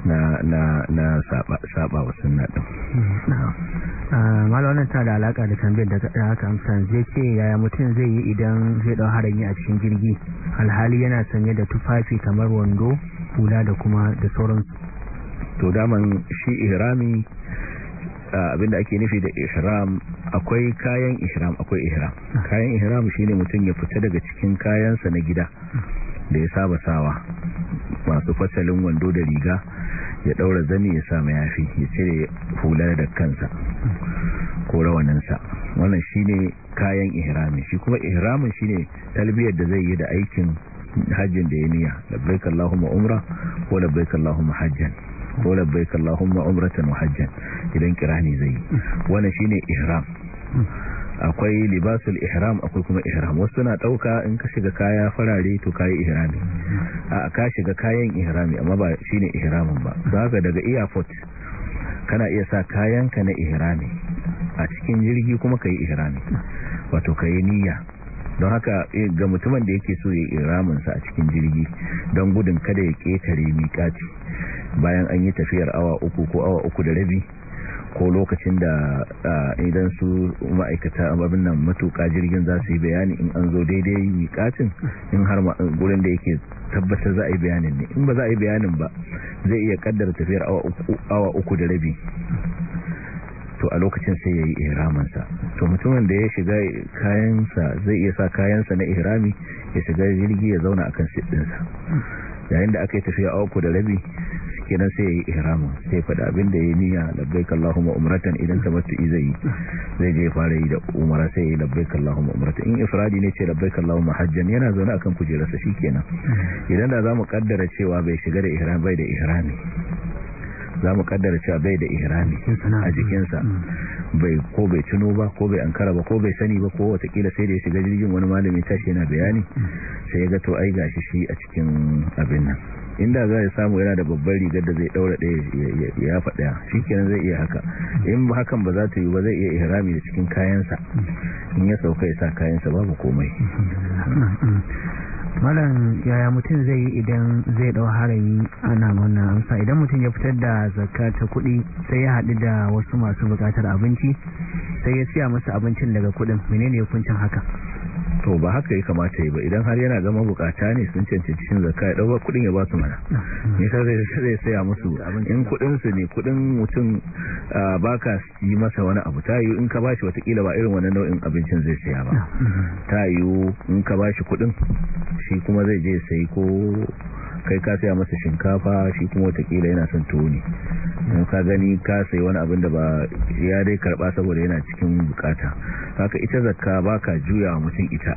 na na na saba saba wa sunna din ah, nan ta da alaka da tambayar da aka amsa zai ce yaya mutum zai yi idan zai dau harami a cikin jirgi alhali yana sanye da tufafi kamar wando hula da kuma da sauran to daman shi ihrami ah, abinda ake nufi da ihram akwai kayan ihram akwai ihram ah. kayan ihram shine mutum ya fita daga cikin kayansa na gida da ya saba sawa masu fasalin wando da riga ya daura zane ya sa mayafi ya cire hular da kansa ko rawaninsa wannan shine kayan ihrami shi kuma ihramin shine talbiyar da zai yi da aikin hajjin da ya niyya labbaik allahumma umra ko labbaik allahumma hajjan ko labbaik allahumma umratan wa hajjan idan kirani zai yi wannan shine ihram akwai libasul ihram akwai kuma ihram wasu na dauka in ka shiga kaya farare to kai ihrami a ka shiga kayan ihrami amma ba shine ihramin ba zaka daga airport kana iya sa kayanka na ihrami a cikin jirgi kuma kai ihrami wato kai niyya don haka eh, ga mutumin da yake so ya yi sa a cikin jirgi don gudun kada ya ketare miƙati bayan an yi tafiyar awa uku ko awa uku da rabi ko lokacin da idan su ma'aikata ababin nan matuƙa jirgin za su yi bayani in an zo daidai miƙatin in har gurin da yake tabbatar za a yi bayanin ne in ba za a yi bayanin ba zai iya kaddara tafiyar awa uku da rabi to a lokacin sai ya yi ihramansa to mutumin da ya shiga kayansa zai iya sa kayansa na ihrami ya shiga jirgi ya zauna akan siɗinsa yayin da aka yi tafiya awa uku da rabi kenan sai ya yi ihramin sai faɗa abin da ya niyya labbai kallahu ma'umratan idan tamattu zai yi zai je fara yi da umara sai ya yi labbai kallahu ma'umratan in ifradi ne ce labbai kallahu hajjan yana zaune akan kujerarsa kenan idan da zamu kaddara cewa bai shiga da ihram bai da ihrami za mu kaddara cewa bai da ihrami a jikinsa bai ko bai tuno ba ko bai ankara ba ko bai sani ba ko watakila sai da ya shiga jirgin wani malami tashi yana bayani sai ya ga to ai gashi shi a cikin abin nan inda za ya samu yana da babbar rigar da zai daura daya ya yafa shi kenan zai iya haka in hakan ba za ta yi ba zai iya ihrami da cikin kayansa in ya sauka ya sa kayansa babu komai malam yaya mutum zai yi idan zai dau harami ana mana amsa idan mutum ya fitar da zakka ta kuɗi sai ya haɗu da wasu masu buƙatar abinci sai ya siya masu abincin daga kuɗin menene hukuncin haka to ba haka ya kamata yi ba idan har yana zama bukata ne sun cancanci cikin zakka ya dauka kudin ya ba su mana ne ka zai saya musu in kudin ne kudin mutum baka yi masa wani abu ta yi in ka bashi watakila ba irin wani nau'in abincin zai saya ba ta yi in ka bashi kudin shi kuma zai je sai ko kai ka saya masa shinkafa shi kuma watakila yana son tuwo ne ka gani ka sayi wani abin da ba ya dai karba saboda yana cikin bukata haka ita zakka baka juya mutum ita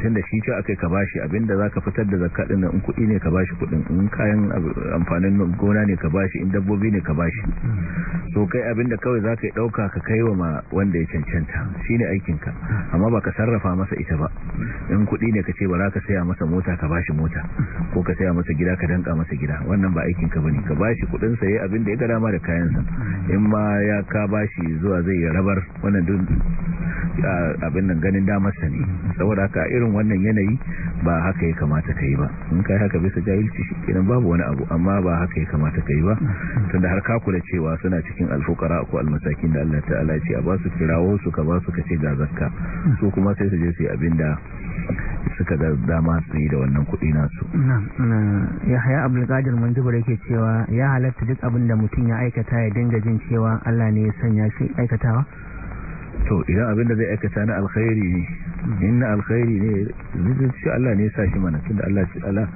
tun da shi ce aka ka bashi abinda za ka fitar da zakka ɗin in kuɗi ne ka bashi kuɗin in kayan amfanin gona ne ka bashi in dabbobi ne ka bashi so kai abinda kawai za ka yi ɗauka ka kai wa wanda ya cancanta shi ne aikinka amma ba ka sarrafa masa ita ba in kuɗi ne ka ce ba za ka saya masa mota ka bashi mota ko ka saya masa gida ka danka masa gida wannan ba aikinka ba ne ka bashi kuɗin saye abinda ya ga dama da kayansa in ma ya ka bashi zuwa zai rabar wannan duk abin nan ganin damarsa ne saboda haka irin irin wannan yanayi ba haka ya kamata ka yi ba in kai haka bisa jahilci shikenan babu wani abu amma ba haka ya kamata ka yi ba tunda har ka kula cewa suna cikin alfukara ko almasakin da Allah ta'ala ya ce a ba su kirawo su ka ba su kace ga zakka su kuma sai su je su yi abinda suka ga dama su yi da wannan kuɗi nasu yahaya abdulkadir manzubar yake cewa ya halatta duk abin da mutum ya aikata ya dinga jin cewa Allah ne ya sanya shi aikatawa to idan abin da zai aikata na alkhairi ne inna alkhairi ne zuci Allah ne ya sa shi mana tunda Allah shi Allah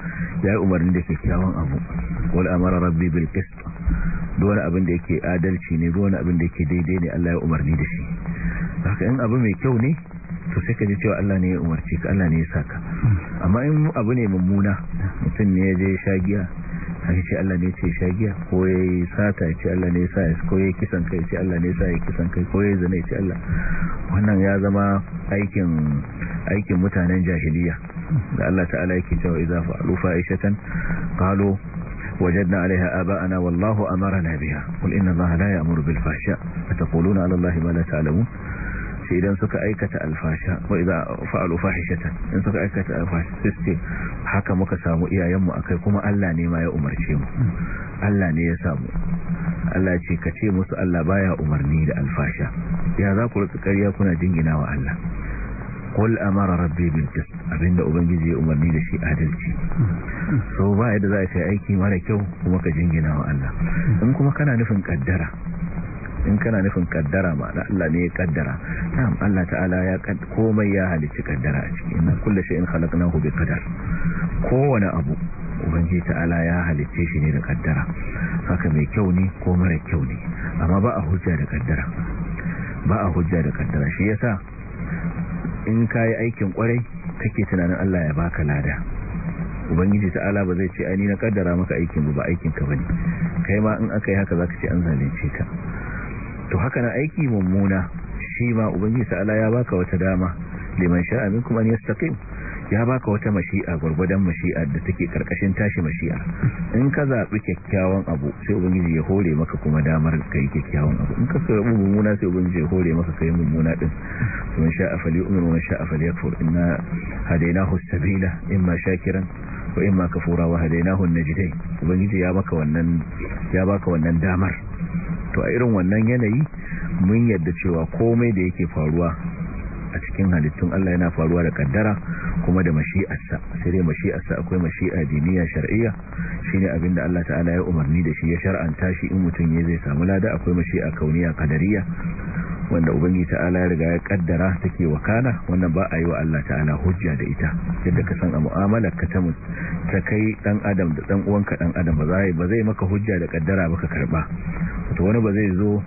ya yi umarni da kyakkyawan abu wal amara rabbi bil qist duwan abin da yake adalci ne duwan abin da yake daidai ne Allah ya umarni da shi haka in abu mai kyau ne to sai ka ji cewa Allah ne ya umarci ka Allah ne ya saka amma in abu ne mummuna mutum ne ya je shagiya an ce Allah ne ce shagiya ko ya yi sata ya ce Allah ne sa ya ko ya yi kisan kai ya ce Allah ne sa ya kisan kai ko ya yi zane ya ce Allah wannan ya zama aikin mutanen jahiliya da Allah ta'ala yake cewa idza fa'alu fa'ishatan qalu وجدنا عليها آباءنا والله أمرنا بها قل إن الله لا يأمر بالفحشاء أتقولون على الله ما لا تعلمون sai idan suka aikata alfasha ko idza fa'alu fahishatan in suka aikata alfasha sai haka muka samu iyayenmu akai kuma Allah ne ma ya umarce mu Allah ne ya samu Allah ce ka ce musu Allah baya umarni da alfasha ya za ku rika ƙarya kuna jingina wa Allah qul amara rabbi bil qist abinda ubangiji ya umarni da shi adalci so ba yadda za ka yi aiki mara kyau kuma ka jingina wa Allah in kuma kana nufin kaddara in kana nufin kaddara ma na Allah ne ya kaddara na'am Allah ta'ala ya komai ya halicci kaddara a ciki shi kullu shay'in khalaqnahu bi qadar kowane abu ubangi ta'ala ya halicce shi ne da kaddara haka mai kyau ne ko mara kyau ne amma ba a hujja da kaddara ba a hujja da kaddara shi yasa in kai aikin kwarai kake tunanin Allah ya baka lada ubangiji ta'ala ba zai ce aini na kaddara maka aikin ba aikin ka bane kai ma in aka yi haka zaka ce an zalunce ka to haka na aiki mummuna shi ma ubangiji ta'ala ya baka wata dama liman sha'a minkum an yastaqim ya baka wata mashi'a gurgudan mashi'a da take karkashin tashi mashi'a in ka zabi kyakkyawan abu sai ubangiji ya hore maka kuma damar kai kyakkyawan abu in ka zabi mummuna sai ubangiji ya hore maka kai mummuna din man sha'a falyu'min wa man sha'a falyakfur inna hadaynahu as-sabila imma shakiran wa imma kafura wa hadaynahu an-najdayn ubangiji ya baka wannan ya baka wannan damar to a irin wannan yanayi mun yadda cewa komai da yake faruwa a cikin halittun Allah yana faruwa da kaddara kuma da mashi'arsa sai dai mashi'arsa akwai mashi'a diniya shar'iyya shine abinda Allah ta'ala ya umarni da shi ya shar'anta shi in mutum ya zai samu lada akwai mashi'a kauniya kadariya wanda ubangi ta'ala ya riga ya kaddara take wakana wannan ba a yi wa Allah ta'ala hujja da ita yadda ka san a mu'amalar ka ta ta kai dan adam da dan uwanka dan adam ba zai ba zai maka hujja da kaddara ba ka karba wato wani ba zai zo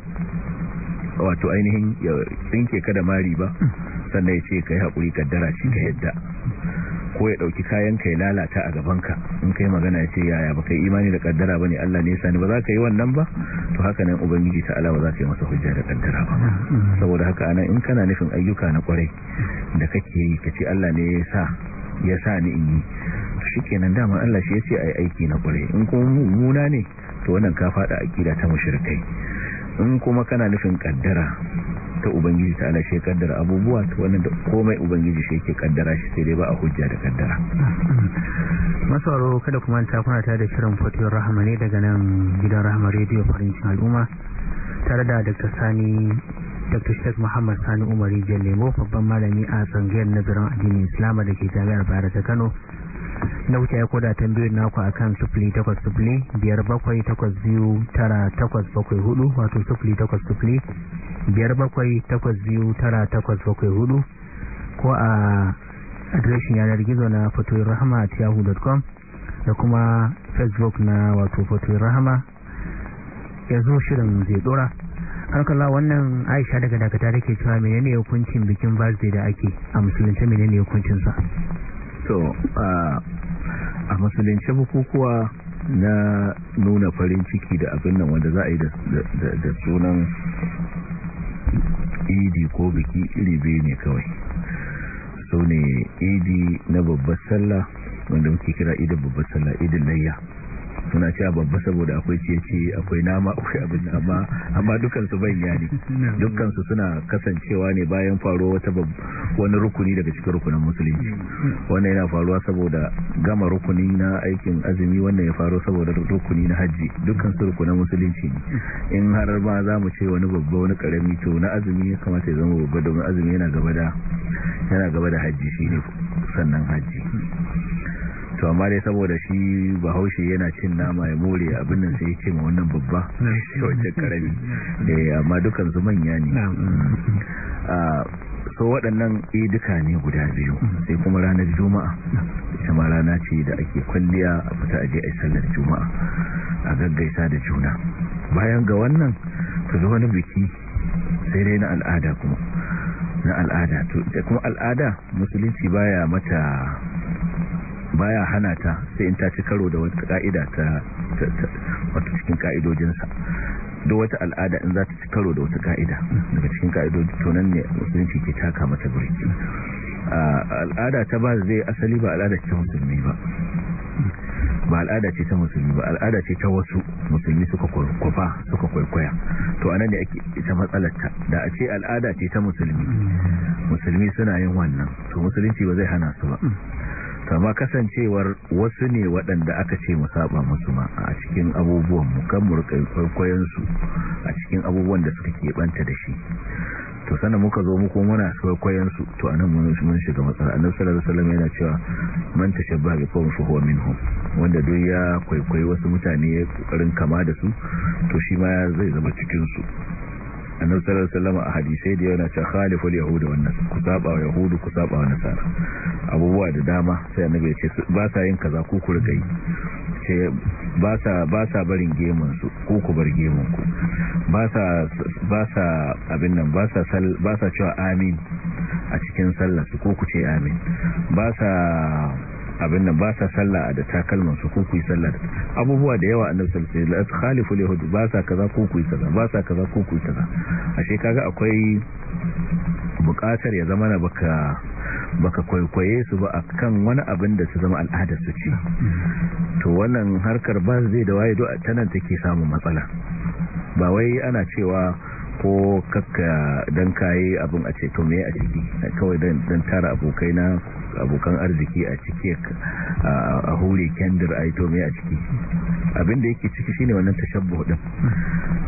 wato ainihin ya tsinke ka da mari ba sannan ya ce ka yi haƙuri kaddara ce ka yadda ko ya ɗauki kayan ka ya lalata a gabanka in ka yi magana ya ce yaya ba yi imani da kaddara ba ne Allah ne sani ba za ka yi wannan ba to haka nan ubangiji ta ala ba za ka yi masa hujja da kaddara ba saboda haka ana in kana nufin ayyuka na kwarai da kake yi ka ce Allah ne ya sa ya sa ni in yi shi kenan dama Allah shi ya ce yi aiki na kwarai in kuma mummuna ne to wannan ka fada akida ta mushrikai in kuma kana nufin kaddara ta ubangiji ta ala shi kaddara abubuwa to wannan da komai ubangiji shi yake kaddara shi sai dai ba a hujja da kaddara masauro kada kuma ta kuna ta da shirin fatiyar rahama daga nan gidan rahmar rediyo farin cikin al'umma tare da dr sani dr sheikh muhammad sani umari lemo babban malami a tsangiyar nazarin addinin islam da ke jami'ar bayar ta kano na wuce ya koda tambayar naku akan sufuli takwas sufuli biyar bakwai takwas biyu tara takwas bakwai hudu wato sufuli takwas sufuli biyar bakwai takwas biyu tara takwas bakwai hudu ko a adireshin yanar gizo na fatoyin rahama at yahoo.com da kuma facebook na wato fatoyin rahama ya zo shirin zai dora harkala wannan aisha daga dakata da ke cewa menene hukuncin bikin birthday da ake a musulunci menene hukuncinsa so a musulunci bukukuwa na nuna farin ciki da abin nan wanda za a yi da sunan idi ko biki iri biyu ne kawai sau ne idi na babbar sallah wanda muke kira idin babbar sallah idin layya suna cewa babba saboda akwai ciye-ciye akwai nama akwai abin amma amma dukansu manya ne dukansu suna kasancewa ne bayan faruwa wata wani rukuni daga cikin rukunin musulunci wannan yana faruwa saboda gama rukuni na aikin azumi wannan ya faru saboda rukuni na hajji dukansu rukunin musulunci in har ma za mu ce wani babba wani karami to na azumi ya kamata ya zama babba domin azumi yana gaba da yana gaba da hajji shine sannan hajji to amma dai saboda shi bahaushe yana cin nama ya more abin nan sai ya ce ma wannan babba shi (laughs) wajen karami da eh, amma dukan su manya ne ah, so waɗannan duka ne guda biyu sai kuma ranar juma'a ita ma rana ce da ake kwalliya a fita aje a sallar juma'a a gaggaisa da juna bayan ga wannan ka zo wani biki sai dai na al'ada kuma na al'ada to kuma al'ada musulunci baya mata baya hana ta sai in ta ci karo da wata ka'ida ta wata cikin ka'idojinsa duk wata al'ada in za ta ci karo da wata ka'ida daga cikin ka'idoji tonan ne musulunci ke taka mata burki al'ada ta ba zai asali ba al'ada ce ta musulmi ba ba al'ada ce ta musulmi ba al'ada ce ta wasu musulmi suka kwafa suka kwaikwaya to anan ne ake ita matsalarta da a ce al'ada ce ta musulmi musulmi suna yin wannan to musulunci ba zai hana su ba kama kasancewar wasu ne waɗanda aka ce mu saba musu ma a cikin abubuwan mu kan murƙai kwaikwayensu a cikin abubuwan da suka keɓanta da shi to sannan muka zo muku muna kwaikwayensu to anan mun shiga matsala annabi sallallahu alaihi wasallam yana cewa man tashabba bi qawmin fa huwa minhum wanda duk ya kwaikwayi wasu mutane ya kokarin kama da su to shi ma zai zama cikin su annabi sallallahu alaihi wasallam a hadisi da yana cewa khalifu al yahud wa an-nasara ku saba wa yahud ku saba wa nasara abubuwa da dama sai annabi ya ce ba sa yin kaza ku ku riga ce ba sa ba sa barin gemun su ku ku bar gemun ku ba sa ba sa abin nan ba sa sal ba sa cewa amin a cikin sallar su ku ku ce amin ba sa abin ba sa sallah da takalman su ko sallah abubuwa da yawa annabi sallallahu alaihi wasallam khalifu yahud ba sa kaza ko kaza ba sa kaza ko kaza ashe kaga akwai bukatar ya zama na baka baka kwaikwaye su ba akan wani abin da su zama al'adar su ce to wannan harkar ba zai da waye do a tanan take samu matsala ba wai ana cewa ko kakka don kayi abin a ce tome a ciki kawai don tara abokai na abokan arziki a ciki a hure kendir a yi tome a ciki abin da yake ciki shine wannan tashabbu din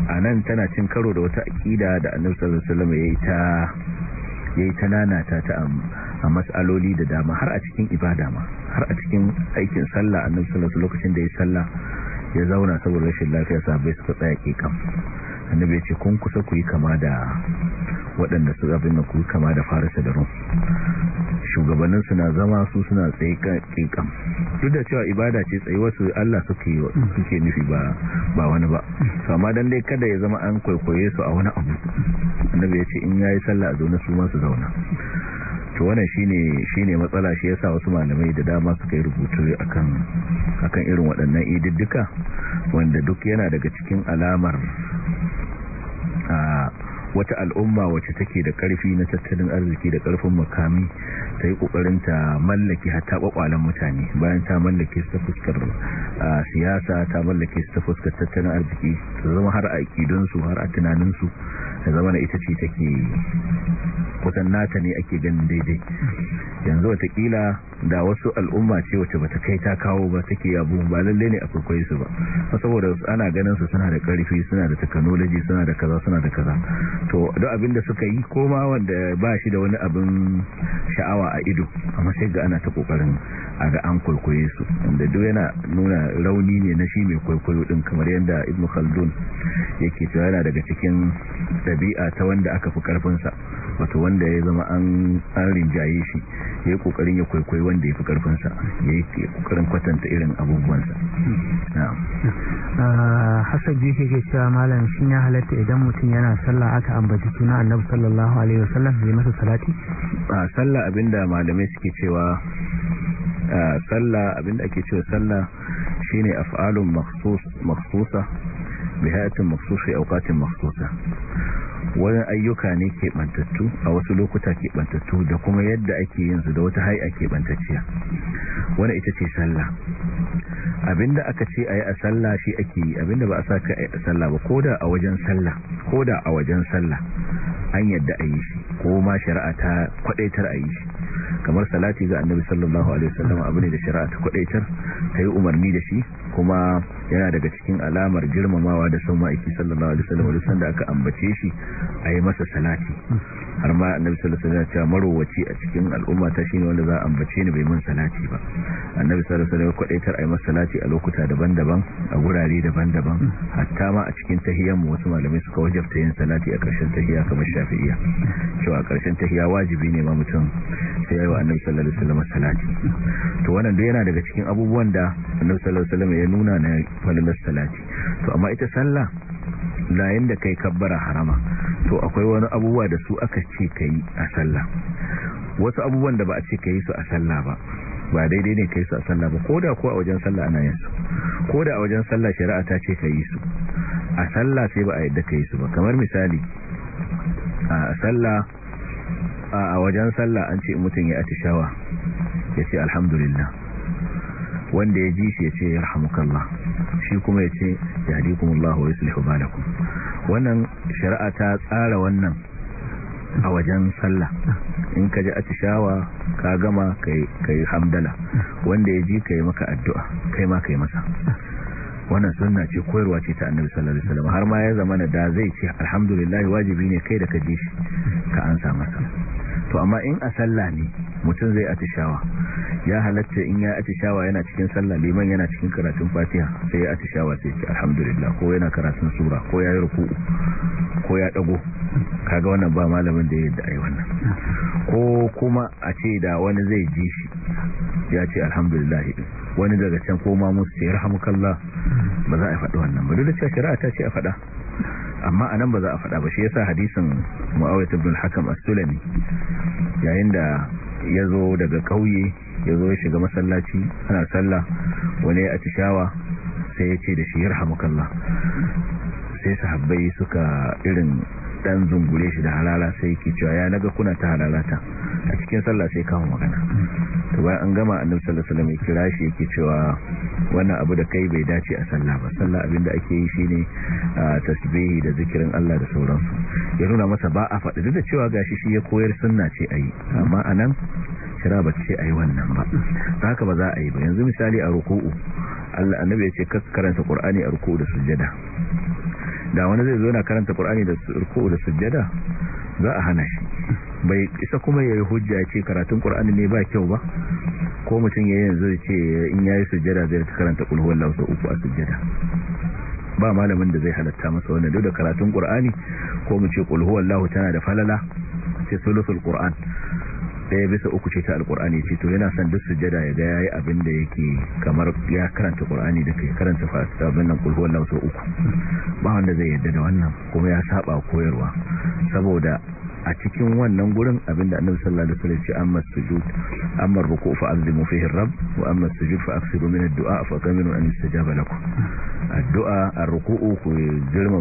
a nan tana cin karo da wata akida da annabi sallallahu ya yi ta ta yi ta nanata ta a matsaloli da dama har a cikin ibada ma har a cikin aikin sallah annabi sallallahu lokacin da ya sallah ya zauna saboda rashin lafiya bai suka tsaya ke kam annabi ya ce kun kusa ku yi kama da waɗanda su abin da ku yi kama da fara da shugabannin suna zama su suna tsaye kankan duk da cewa ibada ce tsaye wasu allah suke nufi ba wani ba su amma don dai kada ya zama an kwaikwaye su a wani abu annabi ya ce in ya yi sallah a zaune su masu zauna to wannan shine shine matsala shi yasa wasu malamai da dama suka yi rubutu akan akan irin waɗannan ididdika wanda duk yana daga cikin alamar wata al'umma wacce take da karfi na tattalin arziki da karfin makami ta yi kokarin ta mallake hatta kwakwalen mutane bayan ta mallake su ta fuskar siyasa ta mallake su ta fuskar tattalin arziki ta zama har a ikidunsu har a tunaninsu ta zama na ita ce take kusan nata ne ake ganin daidai yanzu watakila da wasu al'umma ce wacce ba ta kai ta kawo ba take abu ba lalle ne a su ba saboda ana ganin su suna da karfi suna da technology suna da kaza suna da kaza to duk abin da suka yi koma wanda ba shi da wani abin sha'awa a ido amma sai ga ana ta kokarin a ga an kwaikwaye su wanda duk yana nuna rauni ne na shi mai kwaikwayo din kamar yadda ibn khaldun yake cewa yana daga cikin ɗabi'a ta wanda aka fi ƙarfinsa wato wanda ya zama an tsarin jaye shi ya yi ƙoƙarin ya kwaikwayi wanda ya fi ƙarfinsa ya yi ƙoƙarin kwatanta irin abubuwansa ah, hassan jihe ke cewa malam shi ya halatta idan mutum yana sallah aka ambaci suna annabi sallallahu alaihi wasallam ya masa salati ah, sallah abinda malamai suke cewa ah, sallah abinda ake cewa sallah shine af'alun makhsus makhsusa bihayatin maksusai aukatin maksusa wani ayyuka ne keɓantattu a wasu lokuta keɓantattu da kuma yadda ake yin su da wata hai'a keɓantacciya wani ita ce sallah abinda aka ce a yi a sallah shi ake yi abinda ba a sa ka a sallah ba koda a wajen sallah koda a wajen sallah an yadda a yi shi ko ma shari'a ta kwadaitar a yi shi kamar salati ga annabi sallallahu alaihi wasallam abu ne da shari'a ta kwadaitar ta yi umarni da shi kuma yana daga cikin alamar girmamawa da son ma'aiki sallallahu alaihi wasallam duk sanda aka ambace shi a yi masa salati har ma annabi sallallahu alaihi wasallam ya marowaci a cikin al'umma ta shine wanda za a ambace ni bai mun salati ba annabi sallallahu alaihi wasallam kwadaitar a yi masa salati a lokuta daban-daban a gurare daban-daban hatta ma a cikin tahiyyar mu wasu malamai suka wajabta yin salati a ƙarshen tahiyya kamar shafi'iyya cewa a ƙarshen tahiyya wajibi ne ma mutum sai yi wa annabi sallallahu alaihi wasallam salati to wannan dai yana daga cikin abubuwan da annabi sallallahu alaihi wasallam ya nuna na falilar salati to amma ita sallah layin da kai kabbara harama to akwai wani abubuwa da su aka ce ka yi a sallah wasu abubuwan da ba a ce ka yi su a sallah ba ba daidai ne ka yi su a sallah ba koda ko a wajen sallah ana yin su koda a wajen sallah shari'a ta ce ka yi su a sallah sai ba a yadda ka yi su ba kamar misali a sallah a wajen sallah an ce mutum ya atishawa ya ce alhamdulillah wanda ya ji shi ya ce yarhamukallah shi kuma ya ce Allah wa yuslihu balakum wannan shari'a ta tsara wannan a wajen sallah in ka ji atishawa ka gama kai hamdala wanda ya ji kai maka addu'a kai ma kai masa wannan sunna ce koyarwa ce ta annabi sallallahu alaihi wasallam har ma ya zama da zai ce alhamdulillah wajibi ne kai da ka ji shi ka ansa masa to amma in a sallah ne mutum zai atishawa ya halatta in ya atishawa yana cikin sallah liman yana cikin karatun fatiha sai ya atishawa sai ce alhamdulillah ko yana karatun sura ko ya yi ruku ko ya dago kaga wannan ba malamin da ya yadda ai wannan ko kuma a ce da wani zai ji shi ya ce alhamdulillah wani daga can koma ma musu ce rahamukallah ba za a faɗi wannan ba duk da cewa shari'a ta ce a faɗa amma a nan ba za a faɗa ba shi yasa hadisin mu'awiyah ibn al-hakam as-sulami yayin da ya zo daga ƙauye ya zo ya shiga masallaci ana sallah wani ya atishawa sai ya ce da shi yarhamukallah sai sahabbai suka irin dan zungure shi da halala sai ke cewa ya naga kuna ta halalata a cikin sallah sai kawo magana to bayan an gama annabi sallallahu alaihi wasallam ya kira shi yake cewa wannan abu da kai bai dace a sallah ba sallah abin da ake yi shine tasbihi da zikirin Allah da sauransu ya nuna masa ba a faɗi da cewa gashi shi ya koyar sunna ce ayi amma anan kira ba ce ayi wannan ba haka ba za a yi ba yanzu misali a ruku'u Allah annabi ya ce karanta Qur'ani a ruku'u da sujjada da wani zai zo na karanta qur'ani da ruku da sujjada za a hana shi bai isa kuma yayi hujja ce karatun qur'ani ne ba kyau ba ko mutum ya yanzu zai ce in yi sujjada zai karanta qul huwallahu sau uku a sujjada ba malamin da zai halatta masa wannan duk da karatun qur'ani ko mu ce qul huwallahu tana da falala ce sulusul qur'an daya bisa uku ce ta alkur'ani ce to yana son duk sujada ya ga yayi abin da yake kamar ya karanta qur'ani da kai karanta fasita abin nan kulhu wallahu uku ba wanda zai yadda da wannan kuma ya saba koyarwa saboda a cikin wannan gurin abinda annabi sallallahu alaihi wasallam ya ce amma sujud amma ruku fa azimu fihi rabb wa amma sujud fa aksiru min ad-du'a fa kamilu an istajaba lakum addu'a ar-ruku'u ku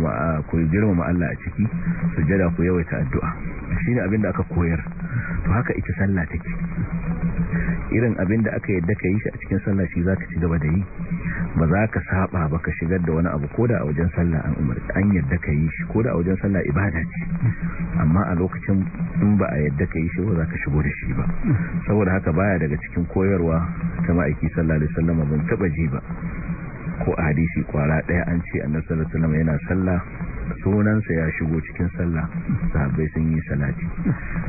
ma ku ma Allah a ciki sujada ku yawaita addu'a shine abinda aka koyar to haka ita sallah take irin abin da aka yadda ka yi shi a cikin sallah shi ka ci gaba da yi ba za ka saba ba ka shigar da wani abu ko da a wajen sallah an umar an yadda ka yi shi da a wajen sallah ibada ce amma a lokacin in ba a yadda ka yi shi ba za ka shigo da shi ba saboda haka baya daga cikin koyarwa ta ma'aiki sallah da sallama ban taba ji ba ko a hadisi kwara daya an ce a sallallahu alaihi yana sallah sunansa ya shigo cikin sallah sahabbai sun yi salati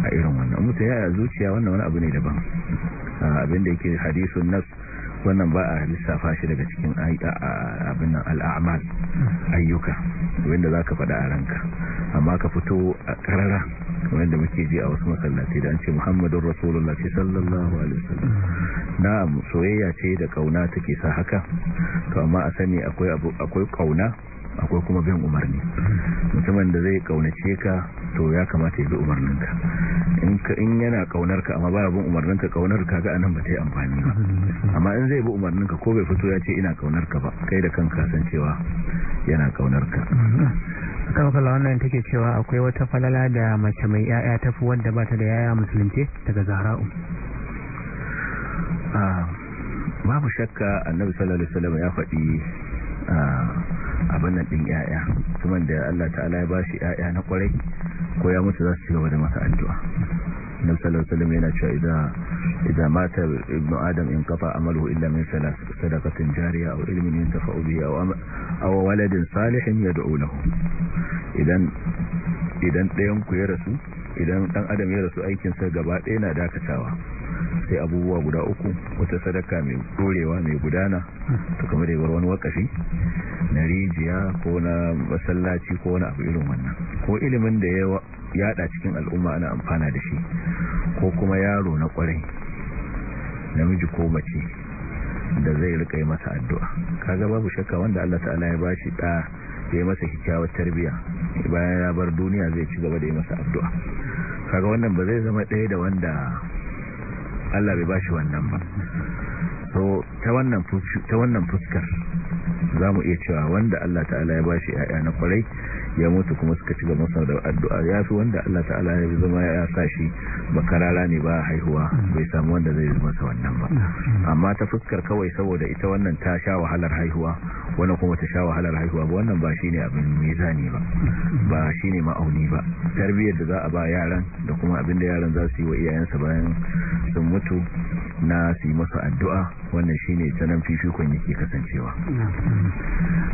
a irin wannan mutu ya zuciya wannan wani abu ne daban ah, abin da yake hadisun nas wannan ba a lissafa shi daga cikin abin nan al'amal ayyuka wanda za ka faɗa a ranka amma ka fito a ƙarara wanda muke ji a wasu masallaci da an ce muhammadun rasulullah ce sallallahu alaihi na soyayya ce da ƙauna take sa haka to amma a sani akwai ƙauna. akwai kuma bin umarni mutumin da zai kaunace ka to ya kamata ya bi umarninka in yana kaunar ka amma baya bin umarninka kaunar ka ga anan ba ta yi amfani ba amma in zai bi umarninka ko bai fito ya ce ina kaunar ka ba kai da kanka san cewa yana kaunar ka kawakala wannan take cewa akwai wata falala da mace mai yaya tafi wadda ba ta da yaya musulunci daga zahra'u ah, babu shakka annabi sallallahu alaihi wasallam ya faɗi ah, abin nan din yaya kuma da Allah ta'ala ya ba yaya na kwarai ko ya mutu za su cigaba da masa addu'a annabi sallallahu alaihi wasallam yana cewa idan idan mata ibnu adam in kafa amalu illa min salas sadaqatin jariya aw ilmin yantafa'u bihi aw aw waladin salihin yad'u lahu idan idan ɗayan ku ya rasu idan dan adam ya rasu aikin sa gaba ɗaya na dakatawa sai abubuwa guda uku wata sadaka mai dorewa mai gudana to kamar da wani wakafi na rijiya ko na masallaci ko wani abu irin wannan ko ilimin da ya yada cikin al'umma ana amfana da shi ko kuma yaro na kwarai namiji ko mace da zai rika yi masa addu'a kaga babu shakka wanda Allah ta'ala ya bashi da ya masa kyakkyawar tarbiya bayan ya bar duniya zai ci gaba da yi masa addu'a kaga wannan ba zai zama ɗaya da wanda Allah bai ba shi wannan ba so ta wannan fuskar za mu iya cewa wanda Allah ta'ala ya bashi ‘ya'ya na kwarai ya mutu kuma suka ci gaba masa da addu'a ya fi wanda Allah ta'ala ya zama ya sa shi bakarara ne ba haihuwa bai samu wanda zai zama sa wannan ba amma ta fuskar kawai saboda ita wannan ta sha wahalar haihuwa wannan kuma ta sha wahalar haihuwa ba wannan ba shi shine abin mizani ba ba shine ma'auni ba tarbiyyar da za a ba yaran da kuma abin da yaran za su yi wa iyayensa bayan sun mutu na su yi masa addu'a wannan shi ne sanan fifikon yake kasancewa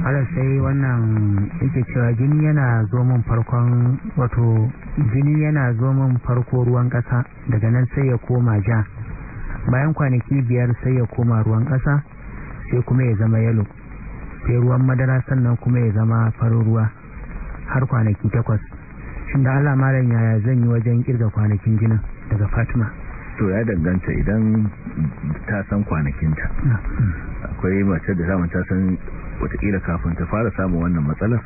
ala sai wannan yake cewa jini yana zo min farkon wato jini yana zo farko ruwan kasa daga nan sai ya koma ja bayan kwanaki biyar sai ya koma ruwan kasa sai kuma ya zama yalo sai ruwan madara sannan kuma ya zama farin ruwa har kwanaki takwas shi da allah yaya zan yi wajen kirga kwanakin jinin daga fatima to ya danganta idan ta san kwanakinta hmm. akwai mace da zama ta san watakila kafin ta fara samun wannan matsalar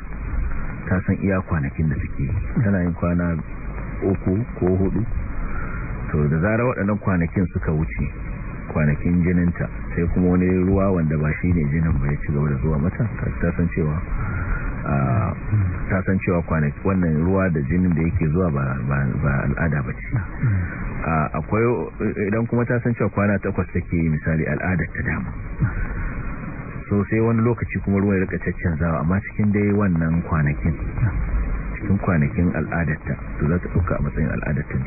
ta san iya kwanakin da suke tana yin kwana uku ko hudu to da zara waɗannan kwanakin suka wuce kwanakin jininta sai kuma wani ruwa wanda ba shi ne jinin ba ya ci gaba da zuwa mata ta san cewa ta san cewa kwanaki wannan ruwa da jinin da yake zuwa ba al'ada ba ce akwai idan kuma ta san cewa kwana takwas take misali al'adar ta dama so sai wani lokaci kuma ruwa ya rika zawa amma cikin dai wannan kwanakin cikin kwanakin al'adatta to za ta ɗauka a matsayin al'adatta ne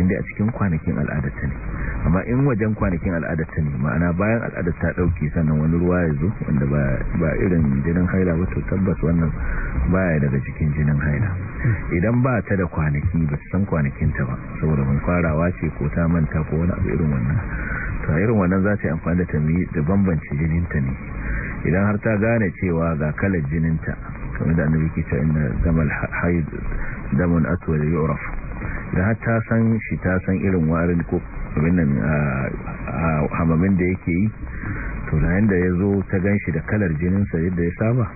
inda a cikin kwanakin al'adatta ne amma in wajen kwanakin al'adar ta ne ma'ana bayan al'adar ta dauke sannan wani ruwa ya zo wanda ba irin jinin haila ba to tabbas wannan baya daga cikin jinin haila idan ba ta da kwanaki ba san kwanakin ta ba saboda mun farawa ce ko ta manta ko wani abu irin wannan to irin wannan za ta yi amfani da tambayi da bambance jinin ta ne idan har ta gane cewa ga kalar jinin ta kamar da annabi ke ta inna damal haid damun atwal yu'raf idan har ta san shi ta san irin warin ko abin hamamin da yake yi to da ya zo ta ganshi da kalar jininsa yadda ya saba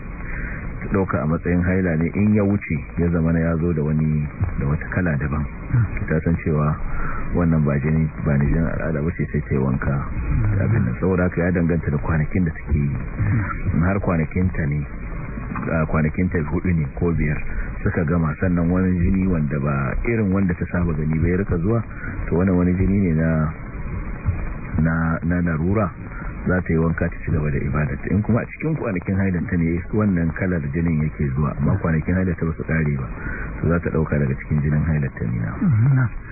ta ɗauka a matsayin haila ne in ya wuce ya zama na ya zo da wani da wata kala daban ta san cewa wannan ba jini ba ne jin al'ada ba sai ta yi wanka abin da saboda haka ya danganta da kwanakin da take yi har kwanakinta ne kwanakin ta hudu ne ko biyar suka gama sannan wani jini wanda ba irin wanda ta saba gani bai rika zuwa to wani wani jini ne na na na larura za ta yi wanka ta ci gaba da ibadata in kuma a cikin kwanakin ta ne wannan kalar jinin yake zuwa amma kwanakin ta ba su kare ba su za ta dauka daga cikin jinin haidanta ne na mm-hmm.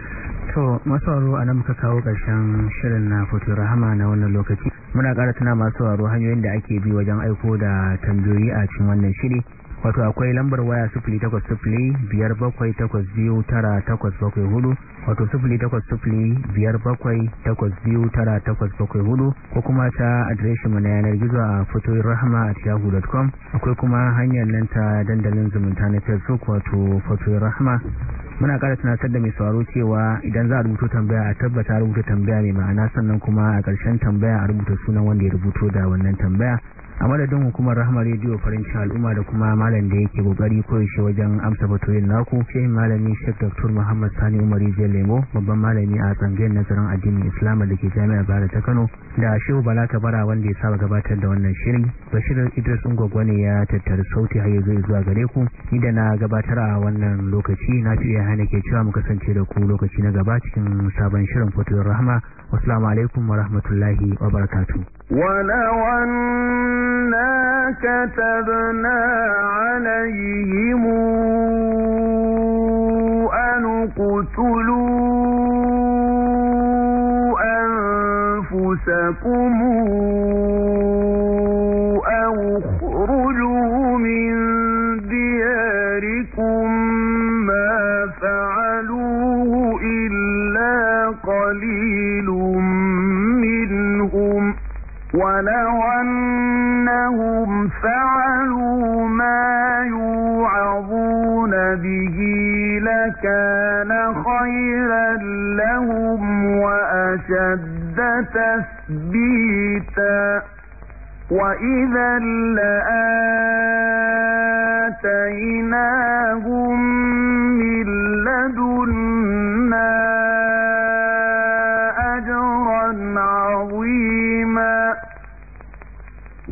to masu waro a nan muka kawo ƙarshen shirin na fito rahama na wannan lokaci muna ƙara tuna masu waro hanyoyin da ake bi wajen aiko da tambayoyi a cikin wannan shiri wato akwai lambar waya sufuli takwas sufuli biyar bakwai takwas biyu tara takwas bakwai hudu wato sufuli takwas sufuli biyar bakwai takwas biyu tara takwas bakwai hudu ko kuma ta adireshin mu na yanar gizo a fitoyin rahama a tiyahu.com akwai kuma hanyar nan ta dandalin zumunta na facebook wato Fotoyin rahama muna kara tunatar da mai sauraro cewa idan za a rubuto tambaya a tabbata rubuta tambaya mai ma'ana sannan kuma a ƙarshen tambaya a rubuta sunan wanda ya rubuto da wannan tambaya a madadin hukumar rahama rediyo farin cikin al'umma da kuma malam da yake kokari koyaushe wajen amsa batoyin naku shehin malami shek dr muhammad sani umar rijiyar lemo babban malami a tsangiyar nazarin addinin islam da ke jami'ar bara ta kano da shehu bala kabara wanda ya saba gabatar da wannan shirin bashir idris ungwagwa ne ya tattara sauti har yanzu zuwa gare ku ni da na gabatar a wannan lokaci na fiye hana ke cewa muka kasance da ku lokaci na gaba cikin sabon shirin fatuwar rahama wassalamu alaikum wa rahmatullahi wa barakatuh ولو أنا كتبنا عليهم أن قتلوا أنفسكم وَلَوْ أَنَّهُمْ فَعَلُوا مَا يُوعَظُونَ بِهِ لَكَانَ خَيْرًا لَهُمْ وَأَشَدَّ تَثْبِيتًا وَإِذًا لَآتَيْنَاهُمْ مِنْ لَدُنَّا